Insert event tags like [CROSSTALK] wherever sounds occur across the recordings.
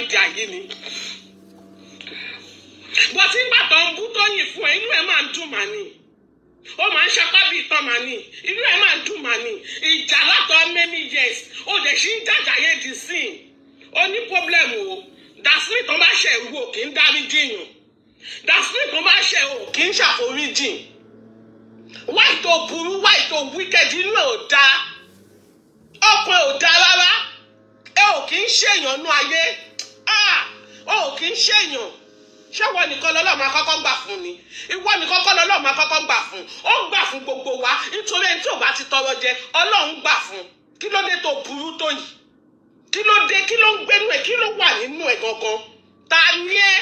media yìí ni bọ́tí ńgbà tó ń bú tó yìn fún ẹ inú ẹ máa ń dùn màá ni ó máa ń ṣapá bíi tán màá ni inú ẹ máa ń dùn màá ni ìjà látọ̀ many years ó dẹ̀ ṣì ń jàjà di sin ó ní pọ́blẹ́mù o dasmin tó bá ṣe ìwò kì í dárí jìyàn dasmin tó bá ṣe ìwò kì í ṣàforíjìn wáì tó burú wáì tó wíkẹ́dì inú ẹ̀ ò dáa ọkùnrin ò dáa rárá ẹ ò kì í ṣèyàn nú ayé. o ò kí ń ṣèyàn ṣọwọ́ nìkan lọ́lọ́mọ akọ́kọ́ gbà fún ni ìwọ nìkan kọ́ lọ́lọ́mọ akọ́kọ́ gbà fún ó ń gbà fún gbogbo wa nítorí ẹni tí ò bá ti tọrọ jẹ ọlọ́run gbà fún kí ló dé tó burú tó yìí kí ló dé kí ló ń gbénu ẹ kí ló wà nínú ẹ gangan ta ni ẹ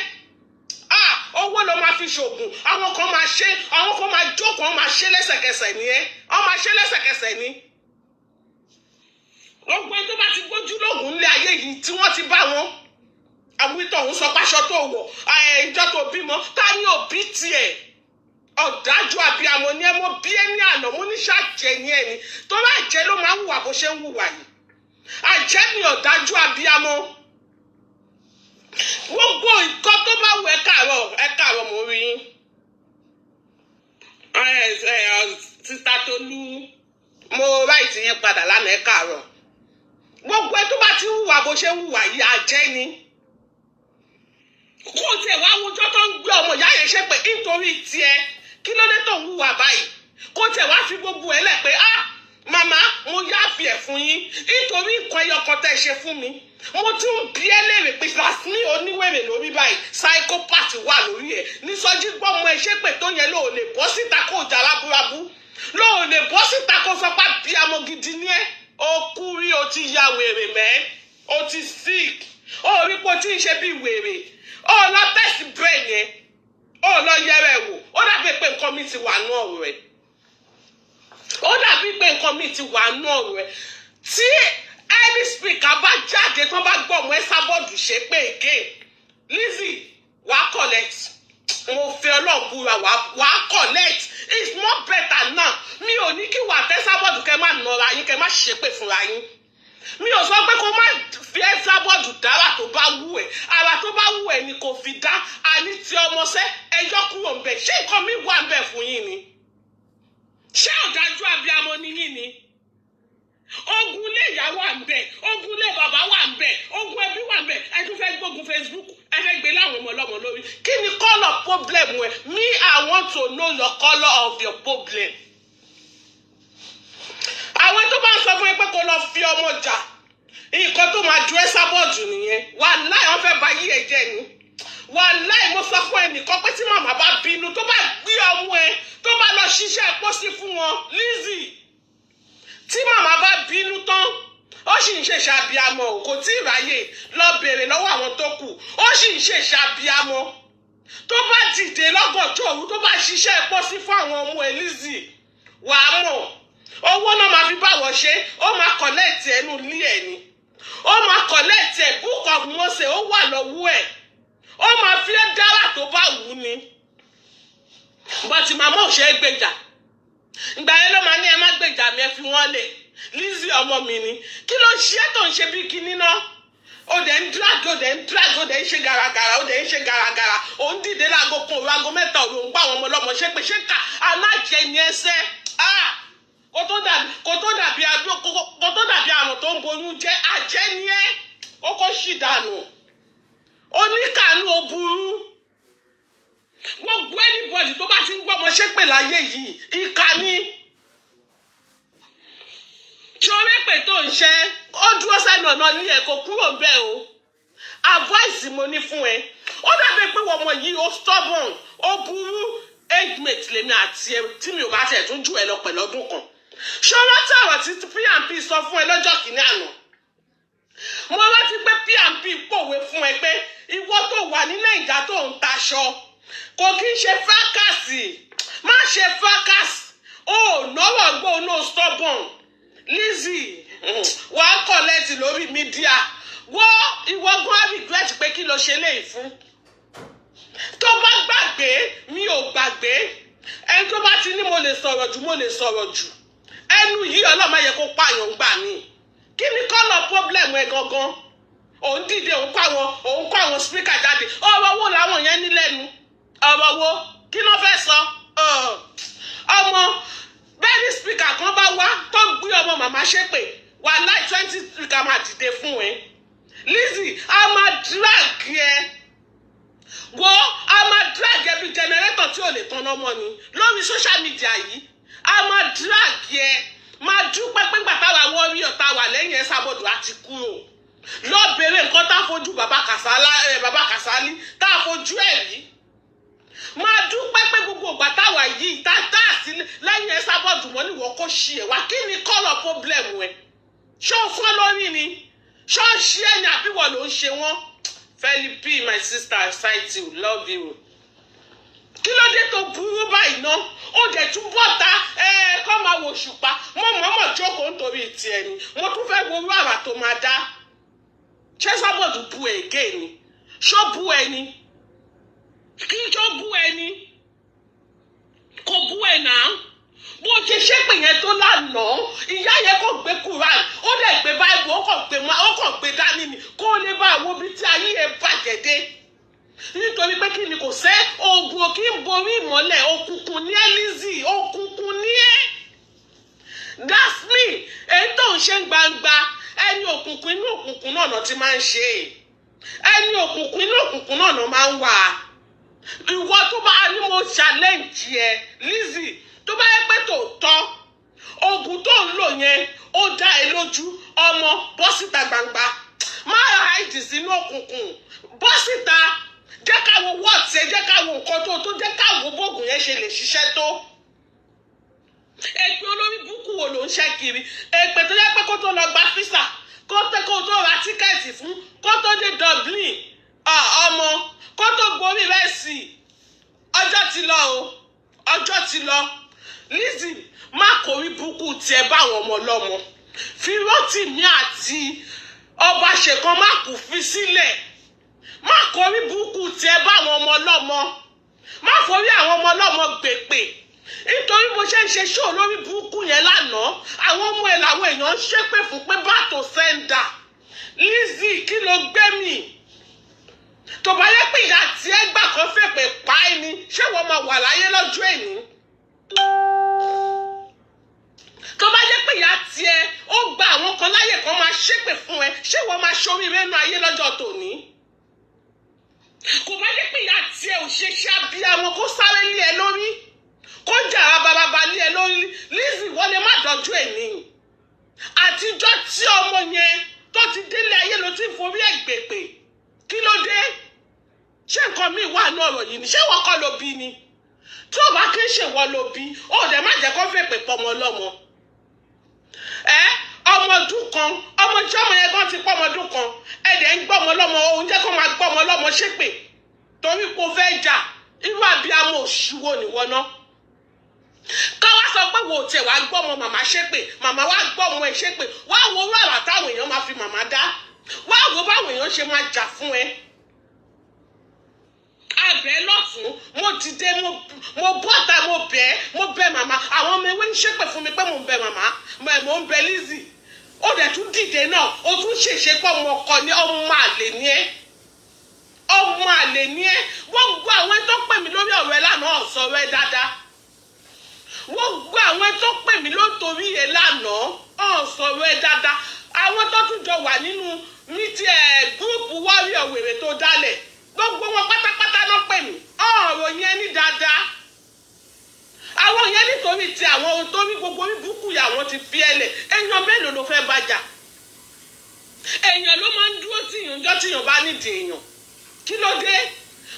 ah owó ló máa fi ṣoògùn àwọn kan máa ṣe àwọn kan máa jókòó wọn máa ṣe lẹ́sẹ̀kẹsẹ̀ ni ẹ wọn máa ṣe lẹ́sẹ̀kẹsẹ̀ ni gbogbo ẹni tó bá ti gbójú lóògùn ilé ayé yìí tí wọ́n ti bá wọn àmúwítọ̀ òun sọ páṣọ tó wọ̀ ìjọ tó bímọ ta ni òbí tiẹ̀ ọ̀dájú àbíamọ ni ẹ mọ bí ẹ ní àná mo ní ṣàjẹ ní ẹni tó bá jẹ ló máa ń wùwà bó ṣe ń wùwà yìí àjẹ́ ni ọ̀dájú àbíamọ gbogbo nǹkan tó bá wù ẹ káàárọ̀ ẹ káàárọ̀ mo rí sísá tolú mo ráìtì yẹn padà lánàá ẹ káàárọ̀ gbogbo ẹ tó bá ti ń wùwà bó ṣe ń wùwà yìí àjẹ́ ni kó tiẹ̀ wá àwùjọ tó ń gbé ọmọ ìyá yẹn ṣépè nítorí tiẹ̀ kí ló dé tó ń hùwà báyìí kó tiẹ̀ wá fi gbogbo ẹ̀ lẹ̀ pé ah màmá mo yáàfì ẹ̀ fún yín nítorí nǹkan ẹyọ kan tẹ́ ṣe fún mi mo tún ń bí ẹ léèrè pé lasmi oníwèrè lórí báyìí psychopath wà lórí ẹ nísọjí gbọ́mọ ẹ ṣépè tó yẹn lóò lè bọ́ síta kó jà lábúrábú lóò lè bọ́ síta kó sọ pé bí amọ̀ gidi ni ẹ́ o kú rí o ti ya wèrè mẹ́ o ti sick o rí pé o ti ń ṣe bí wèrè ó lọ test brain yẹn ó lọ yẹrẹ wò ó dàbí pé nǹkan mi ti wà nú ọ̀rọ̀ ẹ̀ ó dàbí pé nǹkan mi ti wà nú ọ̀rọ̀ ẹ̀ tí any speaker bá jáde tán bá gbọ́ ọmọ ẹ sábọ́ọ̀dù ṣe pé èké Lizzie wàá collect mo fi ọlọ́run búra wàá collect it's more better now mi ò ní kí wàá tẹ́ sábọ́ọ̀dù kẹ́ má nọra yín kẹ́ má ṣépè fúnra yín mi ò sọ pé kó má fi ẹ́sàbọ̀dù dára tó bá wù ẹ́ ara tó bá wù ẹ́ ni kò fi dá àní ti ọmọṣẹ́ ẹjọ́ kúrò ń bẹ̀ ṣé nǹkan mi wà ń bẹ̀ fún yín ni ṣé ọ̀dájú abiyamọ ni yín ni ogun ilé ìyá wà ń bẹ̀ ogun ilé bàbá wà ń bẹ̀ ogun ẹbí wà ń bẹ̀ ẹ tún fẹ́ gbógun Facebook ẹ fẹ́ gbé láwọn ọmọ ọlọ́mọ lórí kí ni colour problem ẹ me I want to know your colour of your problem àwọn tó bá ń sọ fún ẹ pé kó lọ fi ọmọ jà nǹkan tó máa ju ẹ sábọọdù nìyẹn wàláì wọ́n fẹ́ bà yí ẹ jẹ́ ni wàláì mo sọ fún ẹnìkan pé tí màmá bá bínú tó bá gbé ọmọ ẹ tó bá lọ ṣiṣẹ́ pósí fún wọn Lizzy tí màmá bá bínú tán ó sì ń ṣèṣe abiyamọ kò tí ì ráyè lọ bèrè lọ́wọ́ àwọn tó kù ó sì ń ṣèṣe abiyamọ tó bá dìde lọ́gànjọ́ òru tó bá ṣiṣẹ́ pósí fún àwọn ọmọ ẹ Lizzy wàá mọ̀. owó náà máa fi báwọ̀ ṣe ó máa kọ̀lẹ́ẹ̀tì ẹnu ilé ẹ̀ ni ó máa kọ̀lẹ́ẹ̀tì ẹ̀ búkọ̀ mọ́sẹ̀ ó wà lọ́wọ́ ẹ̀ ó máa fi ẹ́ dára tó bá wù ú ni bọ́tí màmá ò ṣe é gbèjà ìgbà yẹn ló máa ní ẹ má gbèjà mi ẹ fi wọ́n lè Lizzy ọmọ mi ni kí ló ṣe tó ń ṣe bí kinní náà ó dẹ̀ ń drag ó dẹ̀ ń drag ó dẹ̀ ń ṣe garagara ó dẹ̀ ń ṣe garagara ó ń dìde láago kan òru aago mẹ́ta òru ń gbà ọmọ ọlọ́mọ ṣépè kó tó dàbí kó tó dàbí àdó kó tó dàbí àrùn tó ń boyún jẹ́ àjẹ́ ni ẹ́ ó kó sì dànù oníkàánú ó burú gbogbo anybody tó bá ti ń gbọ́mọ ṣépè láyé yìí ìkà ni tí o rẹ́pè tó ń ṣe ó dúró sẹ́nu ọ̀nà ní ẹ̀ kó kúrò bẹ́ẹ̀ o àvọ́ìsì mo ní fún ẹ ó dàbí pé ọmọ yìí ó stubborn ó burú age mate lèmi àti ẹ tí mi ò bá tẹ̀ tún jù ẹ lọ pẹ̀lú ọdún kan ṣọlá tí ọ̀rọ̀ tí pnp sọ fún ẹ lọ́jọ́ kìíní àná mo rántí pé pnp pòwe fún ẹ pé ìwọ tó wà ní nàìjà tó ń taṣọ kò kí n ṣe fákàsì má ṣe fákàsì ó náwó gbó no stubborn Lizzie mm, wàá kọ̀lẹ́tì lórí mídíà wọ́ ìwọ gan regret pé kí lo ṣe léyìí fún tó bá gbàgbé mi ò gbàgbé ẹni tó bá ti ní mo lè sọ̀rọ̀ jù mo lè sọ̀rọ̀ jù ẹnu yìí ọlọ́mọ yẹ kó pààyàn gbà mí kí ni kọ́lọ̀ pọ́blẹ́mù ẹ gangan òun dìde òun kọ́ àwọn òun kọ́ àwọn spíkà jáde ọ̀rọ̀ wo làwọn yẹn ní lẹ́nu ọ̀rọ̀ wo kí ló fẹ́ sọ ọmọ bẹ́ẹ̀ ni spíkà kan bá wá tó ń gbé ọmọ màmá ṣépè wà láì twenty spíkà máa dìde fún ẹ Lizzy a máa drag ẹ wo a máa drag ẹ bí jẹnẹrétọ̀ tí ò lè tanná mọ́ ni lórí sóṣà mídíà yìí a máa drag yẹ máa dúpẹ́ pé gbàtà wà wọ́ọ́rì ọ̀tá wà lẹ́yìn ẹ̀ sábọ̀dù àti kú o lọ bèrè nǹkan tá a fojú bàbá kàsálá ẹ bàbá kàsálí tá a fojú ẹ rí máa dúpẹ́ pé gbogbo ìgbà táwa yìí tá tá sí lẹ́yìn ẹ sábọ̀dù mọ́ níwọ̀n kò ṣí ẹ wá kí ni kọ́lọ̀ problem ẹ ṣọ́ọ́sọ́ lórí ni ṣọ́ọ́ṣì ẹ̀yìn àbíwọ̀ ló ń ṣe wọ́n Felipe my sister I cite you love you kí ló dé tó burú báyìí ná ó dẹ̀ tún bọ́ta ẹ kọ́ máa wo òṣùpá mo mọ̀ọ́mọ̀ jókòó nítorí tiẹ̀ ni mo tún fẹ́ wo irú àrà tó máa dá chesaboard bu ègé ni ṣó bu ẹni kí ṣó bu ẹni kò bu ẹ̀ náà bó ṣe ṣépè yẹn tó lánàá ìyá yẹn kò gbé Quran ó dẹ̀ gbé báyìí ó kàn gbé dání ni kó lè bá àwọn ibi tí ayé yẹn bàjẹ́ dé nítorí pé kí ni kò sẹ́ oògùn òkè ń borí ìmọ́lẹ̀ òkùnkùn ní ẹ́ Lizzy òkùnkùn ní ẹ́ that's me èyí tó ń ṣe gbangba ẹni òkùnkùn inú òkùnkùn náà náà ti máa ń ṣe ẹni òkùnkùn inú òkùnkùn náà náà máa ń wà ìwọ tó bá ní mo challenge ẹ Lizzy tó bá yẹ pé tòótọ́ oògùn tó ń lò yẹn ó dá ẹ lójú ọmọ bọ́sìta gbangba má hide sínú òkùnkùn bọ́sìta jẹ́ ká wo wọ́ọ̀tì ẹ jẹ́ ká wo nǹkan tó tó jẹ́ ká wo bóògùn yẹn ṣe lè ṣiṣẹ́ tó èpè olórí búkú wo ló ń ṣe kiri èpè tó yẹ pé kó tó lọ gba físà kó tẹ kó tó ra tíkẹ́ẹ̀tì fún kó tó dé Dublin ọmọ kó tó gborí rẹ̀ sí i ọjọ́ ti lọ o ọjọ́ ti lọ Lizzy má kórí búkú tiẹ̀ báwọn ọmọ lọ́mọ fi rọ́tìmí àti ọba ṣèkan má kú fi sílẹ̀. Si má kọrí burúkú tiẹ̀ bá àwọn ọmọ ọlọ́mọ má forí àwọn ọmọ ọlọ́mọ gbèpè nítorí mo ṣe ń ṣe ṣóò lórí burúkú yẹn lánàá àwọn ọmọ ẹ̀ làwọn èèyàn ń ṣépè fún pé bàtò sẹ́ńdà Lizzy kí ló gbé mi tó bá yẹ pé ìyá tiẹ̀ gbà kan fèpè pa ẹ́ ni ṣé wọ́n máa wà láyé lọ́jọ́ èyí tó bá yẹ pé ìyá tiẹ̀ ó gba àwọn kan láyè kan máa ṣépè fún ẹ ṣé wọ́n máa ṣorí rẹ́nu ayé lọ́jọ́ tòní kò bá jẹ́ pé ìyá tiẹ̀ ò ṣe ṣe àbí àwọn kó sáré lé ẹ lórí kó jà bàbàbà lé ẹ lórí Lizzy wọ́n lè má dọ́jú ẹ̀ nìyí àtijọ́ tí ọmọ yẹn tó ti délé ayé ló ti forí ẹ̀ gbèpè kí ló dé ṣé nǹkan míì wà ní ọ̀rọ̀ yìí ni ṣé wọ́n kọ́ ló bí ni tí ò bá kí ń ṣèwọ́ ló bí ó dẹ̀ má jẹ́ kó fèpè pọ̀ mọ́ lọ́mọ ẹ́ ọmọ ọdún kan ọmọ tí ọmọ yẹn gan ti pọ́ ọmọ ọdún kan ẹ̀dẹ̀ ń gbọ́mọ lọ́mọ oúnjẹ kan máa gbọ́mọ lọ́mọ ṣépè torí kò fẹ́ jà irú àbíamọ òṣùwò nìwọ náà ká wá sọ pé wo tẹ̀ wá gbọ́mọ màmá ṣépè màmá wá gbọ́mọ ẹ̀ ṣépè wá wo irú àlá táwọn èèyàn máa fi màmá dá wá wo báwọn èèyàn ṣe máa jà fún ẹ abẹ lọfún mo dìde mo bọ́ta mo bẹ̀ mo bẹ̀ màmá àwọn ọmọ ewé ń ṣépè fún mi pé mo ń bẹ̀ màmá mo ń bẹ̀ Lizzie ó dẹ̀ tún dìde náà ó tún ṣèṣe pé ọmọ ọkọ ni ọmọ àlè ni ẹ́ ọmọ àlè ni ẹ́ wọ́n gbọ́ àwọn tó pè mí lórí ọ̀rọ̀ ẹ lánàá ọ̀sọ̀rọ̀ ẹ dáadáa wọ́n gbọ́ àwọn tó pè mí lótorí ẹ lánàá ọ̀sọ̀rọ̀ ẹ dáadáa àwọn tó tún jọ wà nínú ní ti ẹ̀ gúrúùpù wọ́ọ̀rì ọ̀wèrè tó dálẹ̀ gbogbo wọn pátápátá náà pè mí ọ̀rọ̀ yẹn ní dáadáa àwọn yẹn nítorí ti àwọn ohun tó rí gbogbo orí burúkú yà wọ́n ti fi ẹ lẹ̀ èèyàn mélòó ló fẹ́ bàjá èèyàn ló máa ń dúró tìyàn jọ́ tìyàn bá nídìí èèyàn kí ló dé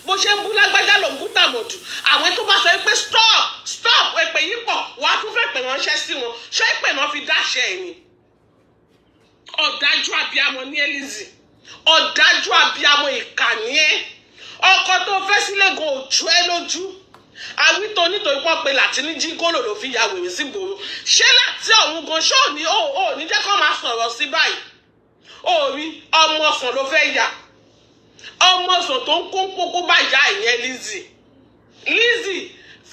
bó ṣe ń bú lágbájá ló ń bú tàmọ̀dù àwọn tó bá sọ pé stop stop èpè yìí pọ̀ wàá tún fẹ́ pè ránṣẹ́ sí wọn ṣé èpè náà fi dáṣẹ́ ẹ̀ ni ọ̀dájú abiyamọ ní Elizzy ọ̀dájú abiyamọ ìkànnì ẹ̀ ọkọ tó fẹ́ sílẹ̀ gan òjú ẹ lójú àwítọ́ nítorí pọ́ pé làtíní jíngólò ló fi ya wèrè sí gbòòrò ṣé láti ọ̀hún gan ṣó ní ó ò ní jẹ́ kó máa sọ̀rọ̀ sí báyìí òòrí ọmọ ọ̀sán ló fẹ́ yà ọmọ ọ̀sán tó ń kó kókó bá ìyá ìyẹn Lizzy Lizzy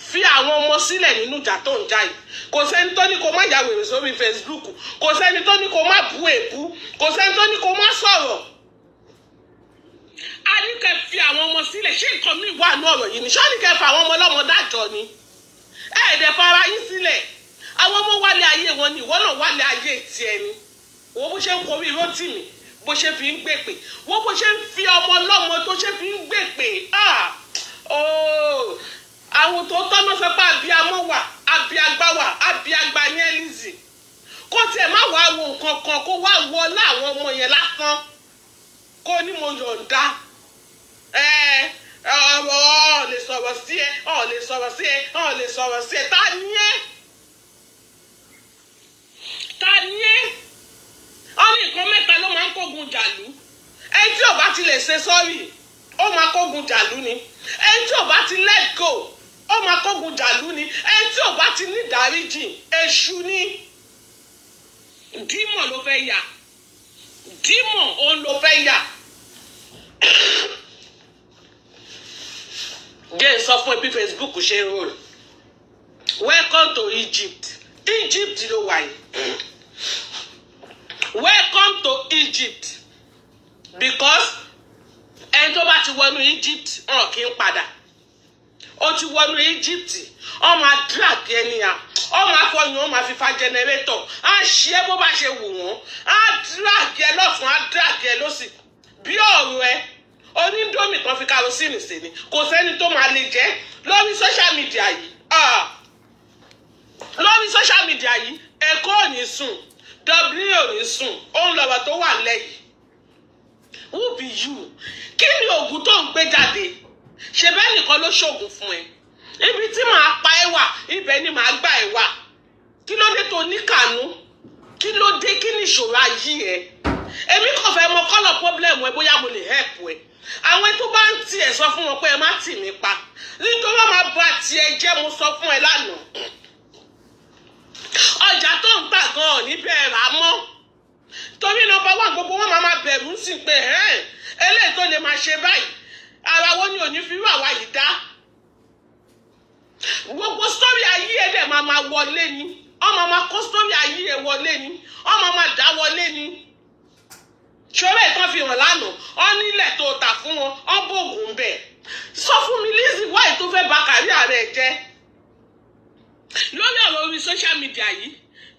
fi àwọn ọmọ sílẹ̀ nínú ìjà tó ń jà yìí kò sẹ́ni tó ní kó má ya wèrè sórí Facebook kò sẹ́ni tó ní kó má bú èbú kò sẹ́ni tó ní kó má sọ̀rọ̀ ní kẹ́ fi àwọn ọmọ sílẹ̀ ṣé nǹkan mi wà ní ọ̀rọ̀ yìí ni ṣé ní kẹ́ fa àwọn ọmọ ọlọ́mọ dájọ́ ni ẹ̀ẹ́dẹ̀ fara yín sílẹ̀ àwọn ọmọ wálé ayé wọn ni ìwọ wálé ayé tiẹ̀ ni wọ́n bó ṣe ń korí irọ́ tì mí bó ṣe fi ń gbèpè wọ́n bó ṣe ń fi ọmọ ọlọ́mọ tó ṣe fi ń gbèpè ah! oh! àwọn tó tọ́nà fẹ́ pa abiyamọ wà abiyagba wà abiyagba ní ẹlízì kó tiẹ̀ má wàá wo nǹkan kan kó wá wọlé àwọn ọmọ yẹn lásán kó ní mo yọ̀ǹda Eh, eh, ọmọ ọ lè sọ̀rọ̀ sí ẹ ọ lè sọ̀rọ̀ sí ẹ ọ lè sọ̀rọ̀ sí ẹ ta ni ẹ ta ni ẹ ọmọ nǹkan mẹ́ta ló ni ẹni tí let go ó máa ni ẹni tí ò bá ti ni dímọ̀ ló fẹ́ yà dímọ̀ òun ló fẹ́ yà. [COUGHS] jẹ́ ń sọ fún ẹ Facebook ṣe ń welcome to Egypt Egypt ló wà yìí welcome to Egypt because ẹni tó bá ti wọnú Egypt hàn kí n padà ó ti wọnú Egypt ọmọ adrak ẹnìyà ọmọ afọyín ọmọ àfífà jẹnẹrétọ á ṣe é bó bá ṣe wù wọn á drag ẹ lọ́tún á drak ẹ lọ́sì bí ọ̀rọ̀ ẹ onídómì kan fi karosíìnì sí ni kò sẹ́ni tó máa lè jẹ́ lórí social media yìí ah. lórí social media yìí èkó ò ní sùn w ò ní sùn òun lọ́wọ́ tó wà lẹ́yìn who be you kí ni oògùn tó ń gbé jáde ṣe bẹ́ẹ̀ nìkan ló ṣoògùn fún ẹ ibi tí màá pa ẹ wà ibẹ̀ ni màá gbà ẹ wà kí ló dé tó níkànú kí ló dé kí ni ìṣòro ayé ẹ èmi kàn fẹ́ mọ kọ́lọ̀ pọ́blẹ́mù ẹ bóyá mo lè hẹ́pù ẹ àwọn tó bá ń tiẹ̀ sọ fún wọn pé ẹ má tì mí pa nítorí wọn máa ba tiẹ̀ jẹ́ mo sọ fún ẹ lánàá ọjà tó ń gbà gan ọ̀ níbẹ̀ rà mọ́ torí nọ́mbà wà gbogbo wọn máa máa bẹ̀rù sí pé eléyìí tó lè máa ṣe báyìí ara wọn ni òní fi rú àwa yìí dá gbogbo sórí ayé ẹ dẹ̀ máa máa wọlé ni ọmọ máa kó sórí ayé ẹ wọlé ni ọmọ máa dá wọlé ni ṣọ́rọ́ ẹ̀ tán fi hàn lánàá ọ́n nílẹ̀ tó tà fún wọn ọ́n bòògùn bẹ̀ sọ fún mi Lizzy why tó fẹ́ ba kàrí ààrẹ jẹ́ lórí ọ̀rọ̀ orí social media yìí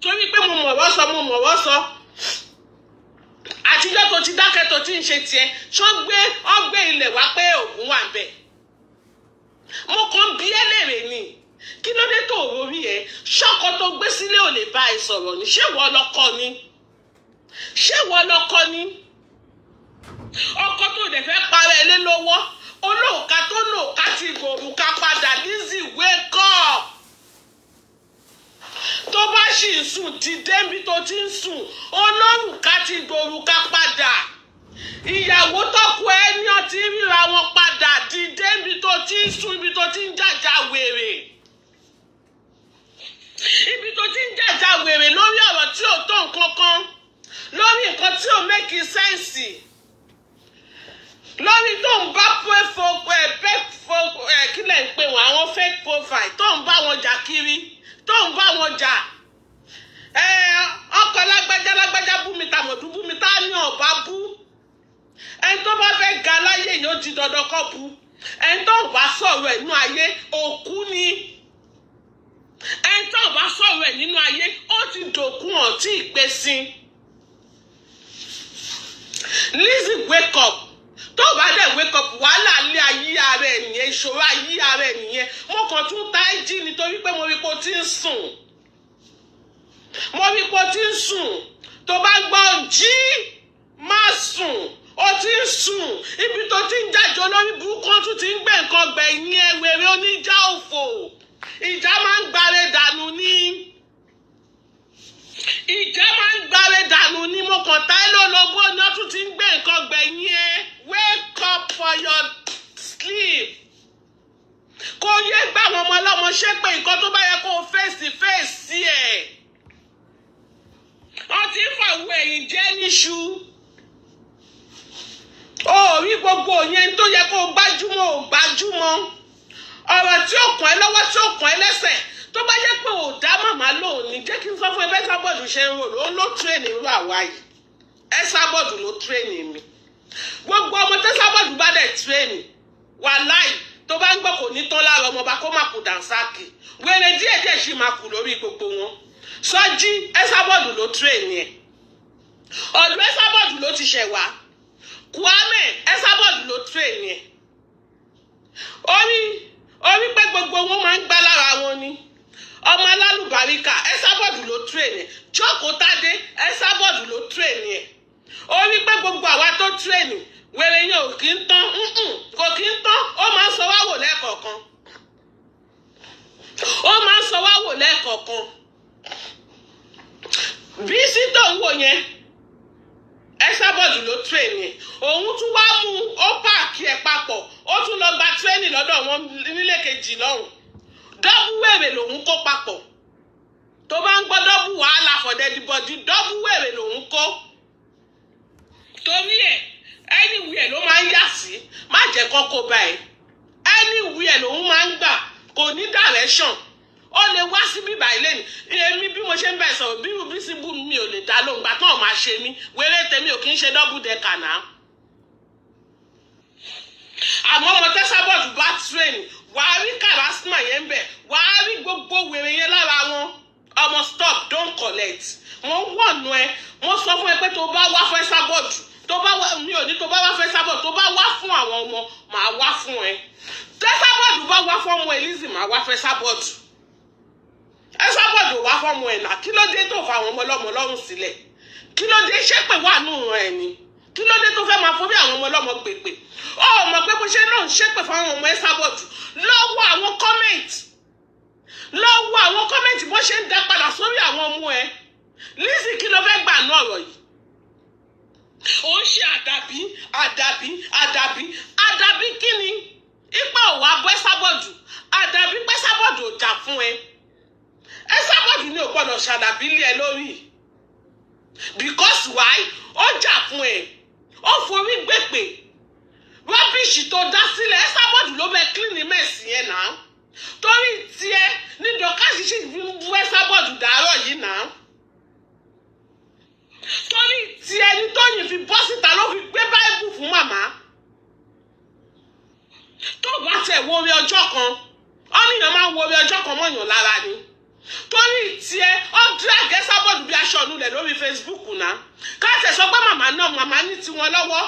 torí pé mo mọ̀ wọ́sọ mo mọ̀ wọ́sọ àtijọ́ tó ti dákẹ́ tó ti ń ṣe tiẹ̀ ṣọ́ gbé ọgbẹ́ ilẹ̀ wá pé òògùn wà ń bẹ̀ mo kàn bí ẹlẹ́rìí ni kí ló dé tó òwúrí ẹ ṣọ́kọ tó gbé sílé ò lè bá ẹ sọ̀rọ̀ ni ṣé wọ́n lọ́kọ ni ṣé wọ́n lọ́kọ ni ọkọ tó dẹ̀ fẹ́ para ẹ lé lọ́wọ́ olóòka tó lòka ti gòrùka padà Lizzy wake up tó bá sì ń sùn ti débi tó ti ń sùn olóòka ti gòrùka padà ìyàwó tọkọ ẹni ọtí ríra wọn padà dìde ibi tó ti ń sùn ibi tó ti ń jàjà wèrè ibi tó ti ń jàjà wèrè lórí ọ̀rọ̀ tí ò tó nǹkan kan lórí nǹkan tí ò mẹ́kì sẹ́ǹsì lórí tó ń bá pé fo ẹ pé fo ẹ kí lẹ̀ ń pè wọ́n àwọn fake profile tó ń bá wọn jà kiri tó ń bá wọn jà ẹ eh, ọkọ lágbájá lágbájá bú mi tàmọ̀dú bú mi tá ní ọ̀bá bú ẹni tó bá fẹ́ ga láyé yìí ó di dandan kọ́ bu ẹni tó bá sọ̀rọ̀ ẹ̀ nínú ayé òkú ni ẹni tó bá sọ̀rọ̀ ẹ̀ nínú ayé ó ti dòkun ọ̀tí ìpèsè Lizzy wake up tó bá dẹ̀ wake up wàhálà lé ayé ara ẹ̀ ìṣòro ayé ara ẹ̀ mo kàn tún ta ẹ́ jí nítorí pé mo rí kó ti ń sùn mo rí kó ti ń sùn tó bá gbọ́ jí má sùn ó ti ń sùn ibi tó ti ń jájọ lórí burúkú tún ti ń gbẹ nǹkan gbẹ̀yìn ẹ̀wẹ̀rẹ̀ oníjà òfò ìjà máa ń gbáre dànù ní ìjà máa ń gbáre dànù ní mo kàn tá ẹ lólobó ni ó tún ti ń gbẹ nǹkan gbẹ̀yìn ẹ̀ wake up for your sleep. kò yé gbà wọn ọmọ ọlọ́mọ ṣépè nǹkan tó bá yẹ kó o fèsì fèsì ẹ̀. ọtí fàwọn ẹ̀yìn jẹ́ níṣu. o rí gbogbo yẹn tó yẹ kó o gbájúmọ́ o gbájúmọ́. ọ̀rọ̀ tí ó kàn ẹ́ lọ́wọ́ tí ó kàn ẹ́ lẹ́sẹ̀ tó bá yẹ pé ò dá màmá lónìí jẹ́ kí n sọ fún ẹ bẹ́ẹ̀ sábọ̀dù ṣe ń rò ló ló tírèènì rú àwa yìí ẹ sábọ̀dù ló tírèènì mi gbogbo ọmọ tó sábọ̀dù bá dẹ̀ tírẹ́ẹ̀nì wà láì tó bá ń gbọ́ kò ní tán lára ọmọọba kó má kú dànsáàkì wẹ́rẹ́ díẹ̀ díẹ̀ sì máa kú lórí gbogbo wọn sọ́jí ẹ sábọ̀dù ló tírẹ́ẹ̀nì ẹ̀ ọ̀lú ẹ sábọ̀dù ló ti ṣẹ̀ wá kwame ẹ sábọ̀dù ló tírẹ́ẹ̀nì ẹ̀ orí orí pé gbogbo wọn máa ń gbá lára wọn ni ọmọ alálùbáríkà ẹ sábọ̀dù ló tírẹ́ẹ̀nì ẹ̀ jókòó tádé ẹ sábọ̀dù ló tírẹ́ẹ̀nì ẹ̀ orí pé gbogbo àwa tó tírèlù wèrè yẹn ò kí ń tán kò kí ń tán ó máa ń sọ wá wò lẹ́ẹ̀kọ̀ọ̀kan ó máa ń sọ wá wò lẹ́ẹ̀kọ̀ọ̀kan bí sítò ń wò yẹn ẹsàbọ̀dù ló train yẹn òun tún wá mú ó páàkì ẹ̀ papọ̀ ó tún lọ gba tírénì lọ́dọ̀ wọn nílé kejì lọ́hùn dọ́bù wèrè lòun kó papọ̀ tó bá ń gbọ́ dọ́bù wàhálà fọ̀dẹ́dìbọ̀dì dọ́bù wèrè lòun kó. torí ẹ anywhere ló máa ń yà sí má jẹ́ kọ́kọ́ báyìí anywhere lòun máa ń gbà kò ní direction ó lè wá sí bí báyìí lẹ́nu èmi bí mo ṣe ń bẹ̀ sọ̀rọ̀ bí bí sí bú mi ò lè dá lóhùn gbà tán máa ṣe mí wéré tèmi ò kí ń ṣe double decker náà àmọ́ ọmọ tẹ́sàbọ̀dù bá train wàá rí kàrásìmà yẹn bẹ̀ wàá rí gbogbo wèrè yẹn lára wọn ọmọ stop don collect mo ń wọ̀nù ẹ mo sọ fún ẹ pé tó bá wá fẹ́ sábọ̀dù tó bá wá mi ò ní tó bá wá fẹ́ sábọ̀ tó bá wá fún àwọn ọmọ màá wá fún ẹ tẹ́ sábọ̀dù bá wá fún ọmọ Lizzy màá wá fẹ́ sábọ̀dù ẹ sábọ̀dù wá fún ọmọ ẹ̀ nà kí ló dé tó fa àwọn ọmọ ọlọ́mọ lọ́rùn sílẹ̀ kí ló dé ṣépè wà nù ẹ̀ ni kí ló dé tó fẹ́ máa forí àwọn ọmọ ọlọ́mọ pèpè ọ mọ̀ pé bó ṣe náà ń ṣépè fún àwọn ọmọ ẹ sábọ̀dù lọ́wọ́ àwọn kọ́mẹ̀ntì lọ́wọ́ àwọn kọ́mẹ̀ntì bó ṣe ń dá padà sórí àwọn ọmọ ẹ Lizzy kí ló fẹ́ gbà nú ọ̀rọ̀ yìí ó ń ṣe àdàbí àdàbí àdàbí àdàbí kí ni ipa òwà bọ́ Ẹsábọ̀dù àdàbí pé Ẹsábọ̀dù ò jà fún ẹ Ẹsábọ̀dù ni ò gbọ́dọ̀ ṣàdàbí lé ẹ lórí because why ó jà fún ẹ ó forí gbèpè rọ́bìṣì tó dá sílẹ̀ Ẹsábọ̀dù ló mẹ́ clean mẹ́sì yẹn náà torí tiẹ̀ ní dọ́kásì ṣì fi ń bu Ẹsábọ̀dù dàárọ̀ yìí náà torí ti ẹni tóyìn fi bọ́ síta ló fi gbé báíbù fún màmá tó bá tẹ̀ wo orí ọjọ́ kan ọ́nìyàn máa ń wo orí ọjọ́ kan mọ́yàn lára ni torí tiẹ̀ ó drag ẹ sábọ̀dù bí aṣọ ònulẹ̀ lórí Facebook náà káṣẹ̀ sọ pé màmá náà màmá ní tiwọn lọ́wọ́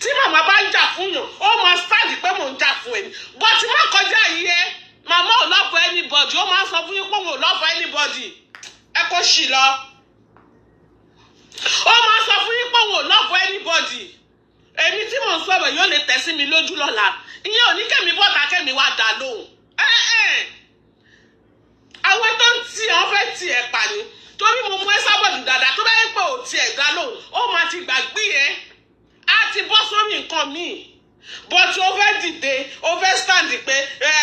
tí màmá bá ń jà fún yàn ó máa ṣáàdì pé mò ń jà fún ẹni bó ti má kọjá yìí ẹ màmá ò lọ́fọ̀ anybody ó máa sọ fún yín pé òun ò lọ́fọ̀ anybody ẹ kó ṣì lọ ó máa sọ fún yín pé òun lọ́fọ̀ anybody èmi tí mò ń sọ̀rọ̀ yóò lè tẹ̀ sí mi lójú lọ́la ìyẹn ò ní kẹ́mi bọ́ta kẹ́mi wá dà lóhùn àwọn tó ń ti àwọn fẹ́ ti ẹ̀ pa ni torí mo mú ẹ sábọ̀dù dáadáa tó bá yẹ pé ò ti ẹ̀ dá lóhùn ó máa ti gbàgbé ẹ á ti bọ́ sórí nǹkan míì bọ́tí ó fẹ́ dìde ó fẹ́ stand pé ẹ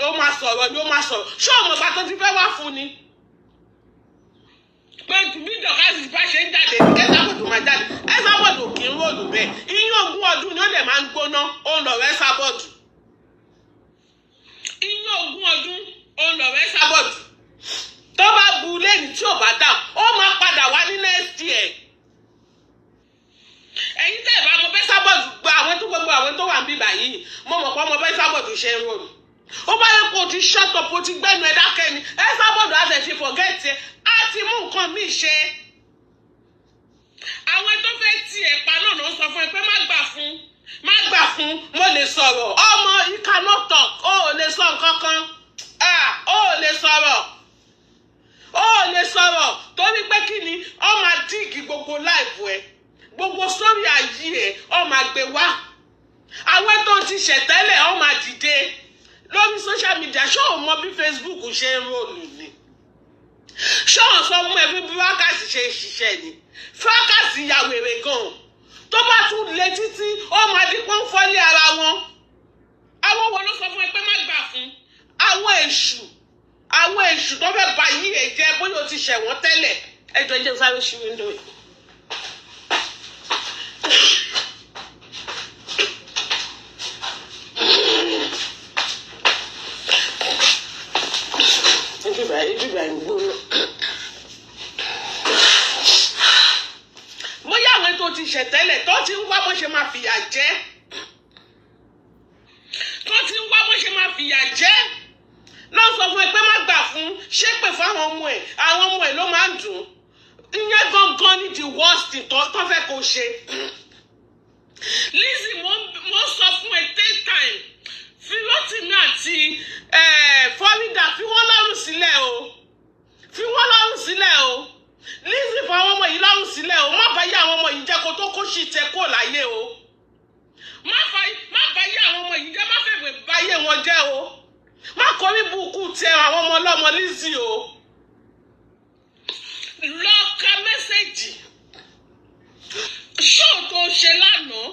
ó máa sọ̀rọ̀ ni ó máa sọ̀rọ̀ ṣé ọmọ ìgbà tó ti fẹ́ wá fún ni pé bí dọ̀kásì bá ṣe ń jáde ní ẹ̀sàbọ̀dù máa jáde ẹ̀sàbọ̀dù kì í ròlù bẹ́ẹ̀ iyín ogún ọdún ni ó lè máa ń gbóná ó ń lọ̀rọ̀ ẹ̀sàbọ̀dù iyín ogún ọdún ó ń lọ̀rọ̀ ẹ̀sàbọ̀dù tó bá bu lẹ́yìn tí ò bá dà ó máa padà wá ní next year ẹ̀yin tẹ́ ẹ̀ bá mọ bẹ́sàbọ̀dù gba àwọn tó gbogbo àwọn tó wà ń bíbà yìí mo mọ̀ pé ọmọ bẹ́sàbọ̀dù ṣe ń ròlù ó bá yẹ kó o ti shut up o ti gbẹ́nu ẹ̀ dákẹ́ ni ẹ sábọ̀dọ̀ á ṣe forget ẹ á ti mú nǹkan míì ṣe àwọn tó fẹ́ ti ẹ̀pá náà ló ń sọ fún ẹ pé má gbà fún má gbà fún mo lè sọ̀rọ̀ ọmọ you cannot talk o ò lè sọ nǹkan kan o ò lè sọ̀rọ̀ o ò lè sọ̀rọ̀ torí pé kí ni ọmọ àdìgì gbogbo láìpù ẹ gbogbo sórí ayé ẹ ọmọ àgbẹ̀ wá àwọn tó ti ṣẹ̀tẹ́lẹ̀ ọmọ àdìde lórí social media ṣé òun mọ bí Facebook ṣe ń ròlù ni ṣé òun sọ mú ẹbí bí wákàtí ṣe ń ṣiṣẹ́ ni fákàtí ya wèrè gan-an tó bá tún lé títí ó máa di pọ́nfọ́lé ara wọn àwọn wo ló sọ fún ẹ pé má gbà fún àwọn èṣù àwọn èṣù tó fẹ́ bá yí ẹ jẹ́ bóyá o ti ṣẹ̀wọ̀n tẹ́lẹ̀ ẹjọ́ ìjẹun sáré ṣí wíńdò yìí. ti ṣẹ̀ tẹ́lẹ̀ tó ti ń wá bó ṣe máa fìyà jẹ tó ti ń wá bó ṣe máa fìyà jẹ lọ sọ fún ẹ pé má gbà fún ṣépè fáwọn ọmọ ẹ àwọn ọmọ ẹ ló máa ń dùn ìyẹn gangan ni the worst tó fẹ́ kó ṣe Lizzy mo sọ fún ẹ take time fi Rotimi àti eh, Florida fi wọ́n lọ́rùn sílẹ̀ o fi wọ́n lọ́rùn sílẹ̀ o. Lizzie, fún àwọn ọmọ yìí lọ́rùn sílẹ̀ o má bá yé àwọn ọmọ yìí jẹ́ kó tó kó sì tẹ kó láyé o má bá yé àwọn ọmọ yìí jẹ́ má fẹ́ bá yé wọn jẹ́ o má kọrí burúkú tẹ àwọn ọmọ ọlọ́mọ Lizzy o lọ ka mẹ́sẹ̀gì ṣóò tó ṣe lánàá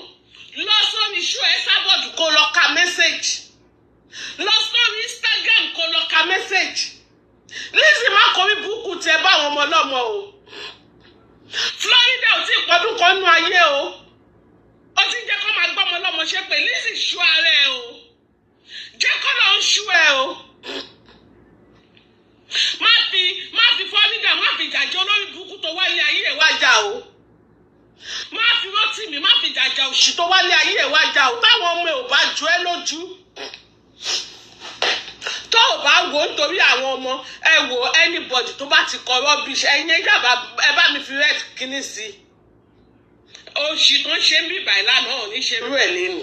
lọ sórí ṣó ẹ sábọ̀dù kó lọ ka mẹ́sẹ̀gì lọ sórí Instagram kó lọ ka mẹ́sẹ̀gì Lizzy má kọrí burúkú tẹ bá àwọn ọmọ ọlọ́mọ o. Florida ò tí ì pọ́dún kan nú ayé o ó ti jẹ́ kó máa gbọ́mọ lọ́mọ ṣe pé Lizzy ṣú ara ẹ o jẹ́ kó lọ ń ẹ o má fi má fi Florida má fi jàjẹ́ olórí burúkú tó wálé ayé ẹ̀ wájà o má fi Rotimi má fi jàjà òṣì tó wálé ayé ẹ̀ wájà o táwọn ọmọ ẹ̀ ò bá jù ẹ́ lójú ò bá wò nítorí àwọn ọmọ ẹ wò anybody tó bá ti kọ rubbish ẹ̀yin ẹ̀yà ẹ bá mi fi red kíní sí i oṣù tó ń ṣe ń bíbà ìlànà ò ní ṣe irú ẹ̀ lẹ́nu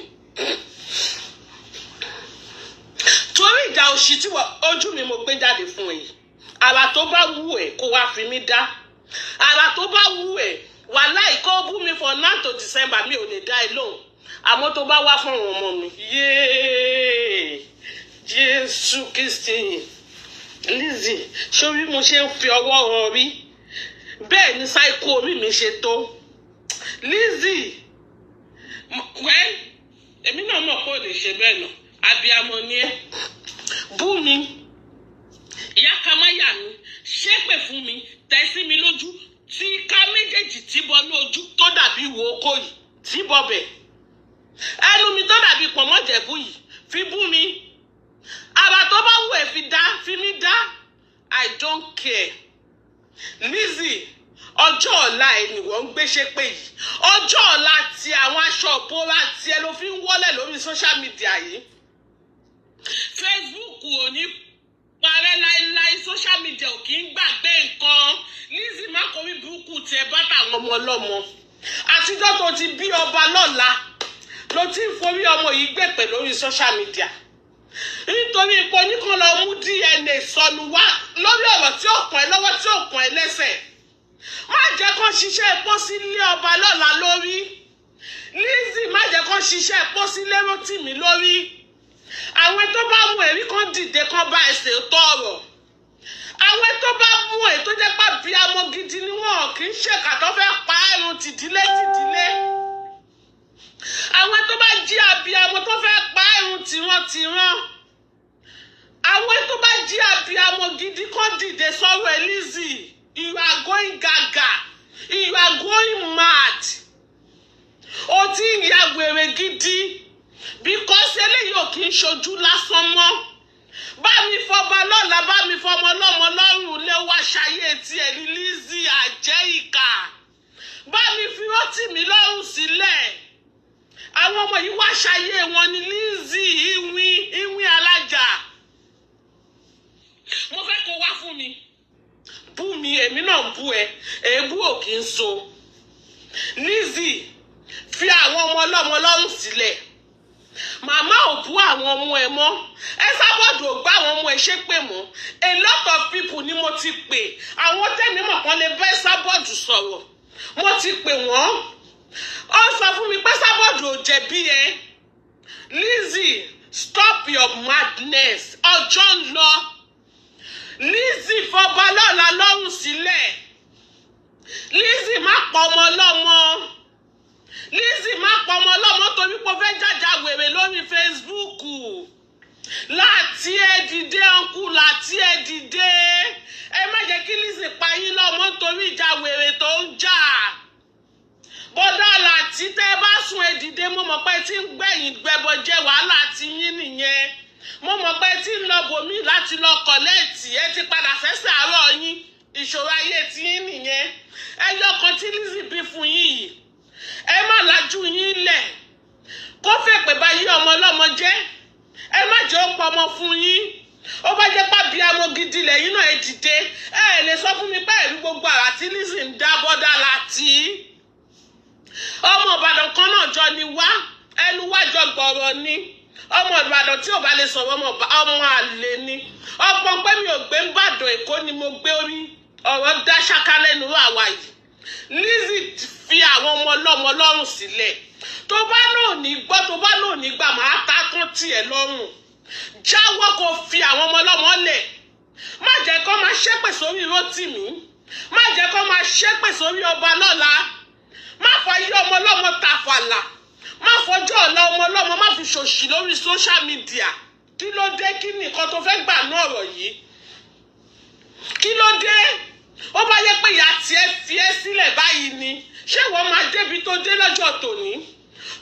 torí ìjà òṣì tí ojú mi mo gbé jáde fún yìí ara tó bá wù ẹ́ kó wá fi mí dá ara tó bá wù ẹ́ wàláì kó bú mi for now to December mi ò lè dá ẹ lóhùn àmọ́ tó bá wá fún ọmọ mi yéé jésù kristi Lizzy ṣé bí mo ṣe ń fi ọwọ́ hàn rí bẹ́ẹ̀ ni sáíkó orí mi ṣe tó Lizzy wẹ́ èmi náà mọ̀ pé ò lè ṣe bẹ́ẹ̀ nà abiyamọ ni ẹ́ bú mi ìyá ká má yà mí ṣépè fún mi tẹ̀ sí mi lójú tí ká méjèèjì tìbọ lójú tó dàbí wo okó yìí tìbọ bẹ̀ ẹnu mi tó dàbí pọ̀mọ́jẹ̀bú yìí fi bú mi àrà tó bá wù ẹ́ fi dá fi mí dá i don't care Lizzy ọjọ́ ọ̀la ẹ̀ nìwọ̀n ń gbéṣẹ́ pé yìí ọjọ́ ọ̀la ti àwọn aṣọ òpóra ti ẹ ló fi ń wọ́lẹ̀ lórí social media yìí Facebook ò ní parẹ́ láéláé social media ò kì í gbàgbé nǹkan Lizzy má kọrí burúkú tiẹ̀ bàtà ọmọ ọlọ́mọ àtijọ́ tó ti bí ọba lọ́la ló ti ń forí ọmọ yìí gbẹ̀pẹ̀ lórí social media nítorí ipò oníkan lọ mú DNA sọnù wá lórí ọ̀rọ̀ tí ó kàn ẹ́ lọ́wọ́ tí ó kàn ẹ́ lẹ́sẹ̀ má jẹ́ kán ṣiṣẹ́ pọ́ sílé ọba lọ́la lórí Lizzy má jẹ́ kán ṣiṣẹ́ pọ́ sílé Rótìmí lórí àwọn tó bá mú ẹ̀rí kan dìde kan bá ẹsẹ̀ tọ́ ọ̀rọ̀ àwọn tó bá mú ẹ̀ tó jẹ́ pé bí amọ gidi ni wọn kì í ṣèkà tó fẹ́ pa ẹrù tìdílé tìdílé àwọn tó bá jí abiyamọ tó fẹ́ pa ẹrù tìran tìran jí abiyamọ gidi kan dìde sọ̀rọ̀ ẹ you are going gaga you are going mad o ti ń ya wèrè gidi because eléyìí ò kì í ṣojú lásán mọ́ bá mi fọba lọ́la bá mi fọmọ lọ́mọ lọ́rùn lé wá ṣayé tiẹ̀ ní Lizzy àjẹ́ ìkà bá mi fi rántí mi lọ́rùn sílẹ̀ àwọn ọmọ yìí wá ṣayé wọn ní Lizzy ìwín ìwín alájà mo fẹ́ kó wá fún mi bú mi èmi náà ń bú ẹ èébú ò ń so Lizzy fi àwọn ọmọ ọlọ́mọ lọ́rùn sílẹ̀ màmá ò bú àwọn ọmọ ẹ mọ́ ẹ sábọ̀dù gbá àwọn ọmọ ẹ ṣépè mọ́ a lot of people ni mo ti pè àwọn tẹ́mi mọ̀ lè bẹ́ sábọ̀dù sọ̀rọ̀ mo ti pè wọ́n ó sọ fún mi pé sábọ̀dù jẹ̀bi ẹ Lizzy stop your madness ọjọ́ ń lọ. Lizzy fọbalọ́la lọ́rùn sílẹ̀ Lizzy má pa ọmọ lọ́mọ Lizzy má pa ọmọ lọ́mọ torí pé ó fẹ́ jàjà wèrè lórí Facebook láti ẹ dìde ọkù láti ẹ dìde ẹ má jẹ́ kí Lizzy pa yín lọ́mọ torí ìjà wèrè tó ń jà bọ́dà láti tẹ́ bá sùn ẹ mo mọ̀ pé tí ń gbẹ̀yìn gbẹbọ jẹ́ wàhálà ti yín nìyẹn mo mọ̀ pé tí ń lọ bòmí láti lọ kọ̀lẹ́ẹ̀tì ẹ ti padà fẹ́ sàárọ̀ yín ìṣòro ayé tí yín nìyẹn ẹ yọkan tí Lizzy bí fún yín yìí ẹ má lajú yín lẹ̀ kó fẹ́ pé báyìí ọmọ ọlọ́mọ jẹ́ ẹ má jẹ́ ó pọmọ fún yín ó bá jẹ́ pàbí amọ gidi lẹ́yìn náà ẹ dìde ẹ lè sọ fún mi pé ẹ̀rí gbogbo àrà tí Lizzy ń dá bọ́dá láti ọmọ Ìbàdàn kan náà jọ ni wá ẹnu wájọ gbọ̀rọ̀ ni ọmọ ìbàdàn tí ò bá lè sọ̀rọ̀ ọmọ àlè ni ọgbọ́n pé mi ò gbé ń bàdàn èkó ni mo gbé orí ọ̀rọ̀ dá ṣáká lẹ́nu àwa yìí Lizzy fi àwọn ọmọ ọlọ́mọ lọ́rùn sílẹ̀ tó bá lò ní gbọ́ tó bá lò ní gbà máa ta tán tiẹ̀ lọ́rùn jáwọ́ kó fi àwọn ọmọ ọlọ́mọ lẹ̀ má jẹ́ kó máa ṣépè sórí Rótìmí má jẹ́ kó máa ṣépè sórí ọba lọ́la má fà yí ọmọ ọlọ́mọ tàfàlà má fọjọ́ ọ̀la ọmọ ọlọ́mọ má fi ṣòṣì lórí social media kí ló dé kí nìkan tó fẹ́ gbà náà ọ̀rọ̀ yìí kí ló dé ó bá yẹ pé ìyá tiẹ̀ fi ẹ́ sílẹ̀ báyìí ni ṣé ìwọ máa débi tó dé lọ́jọ́ tòní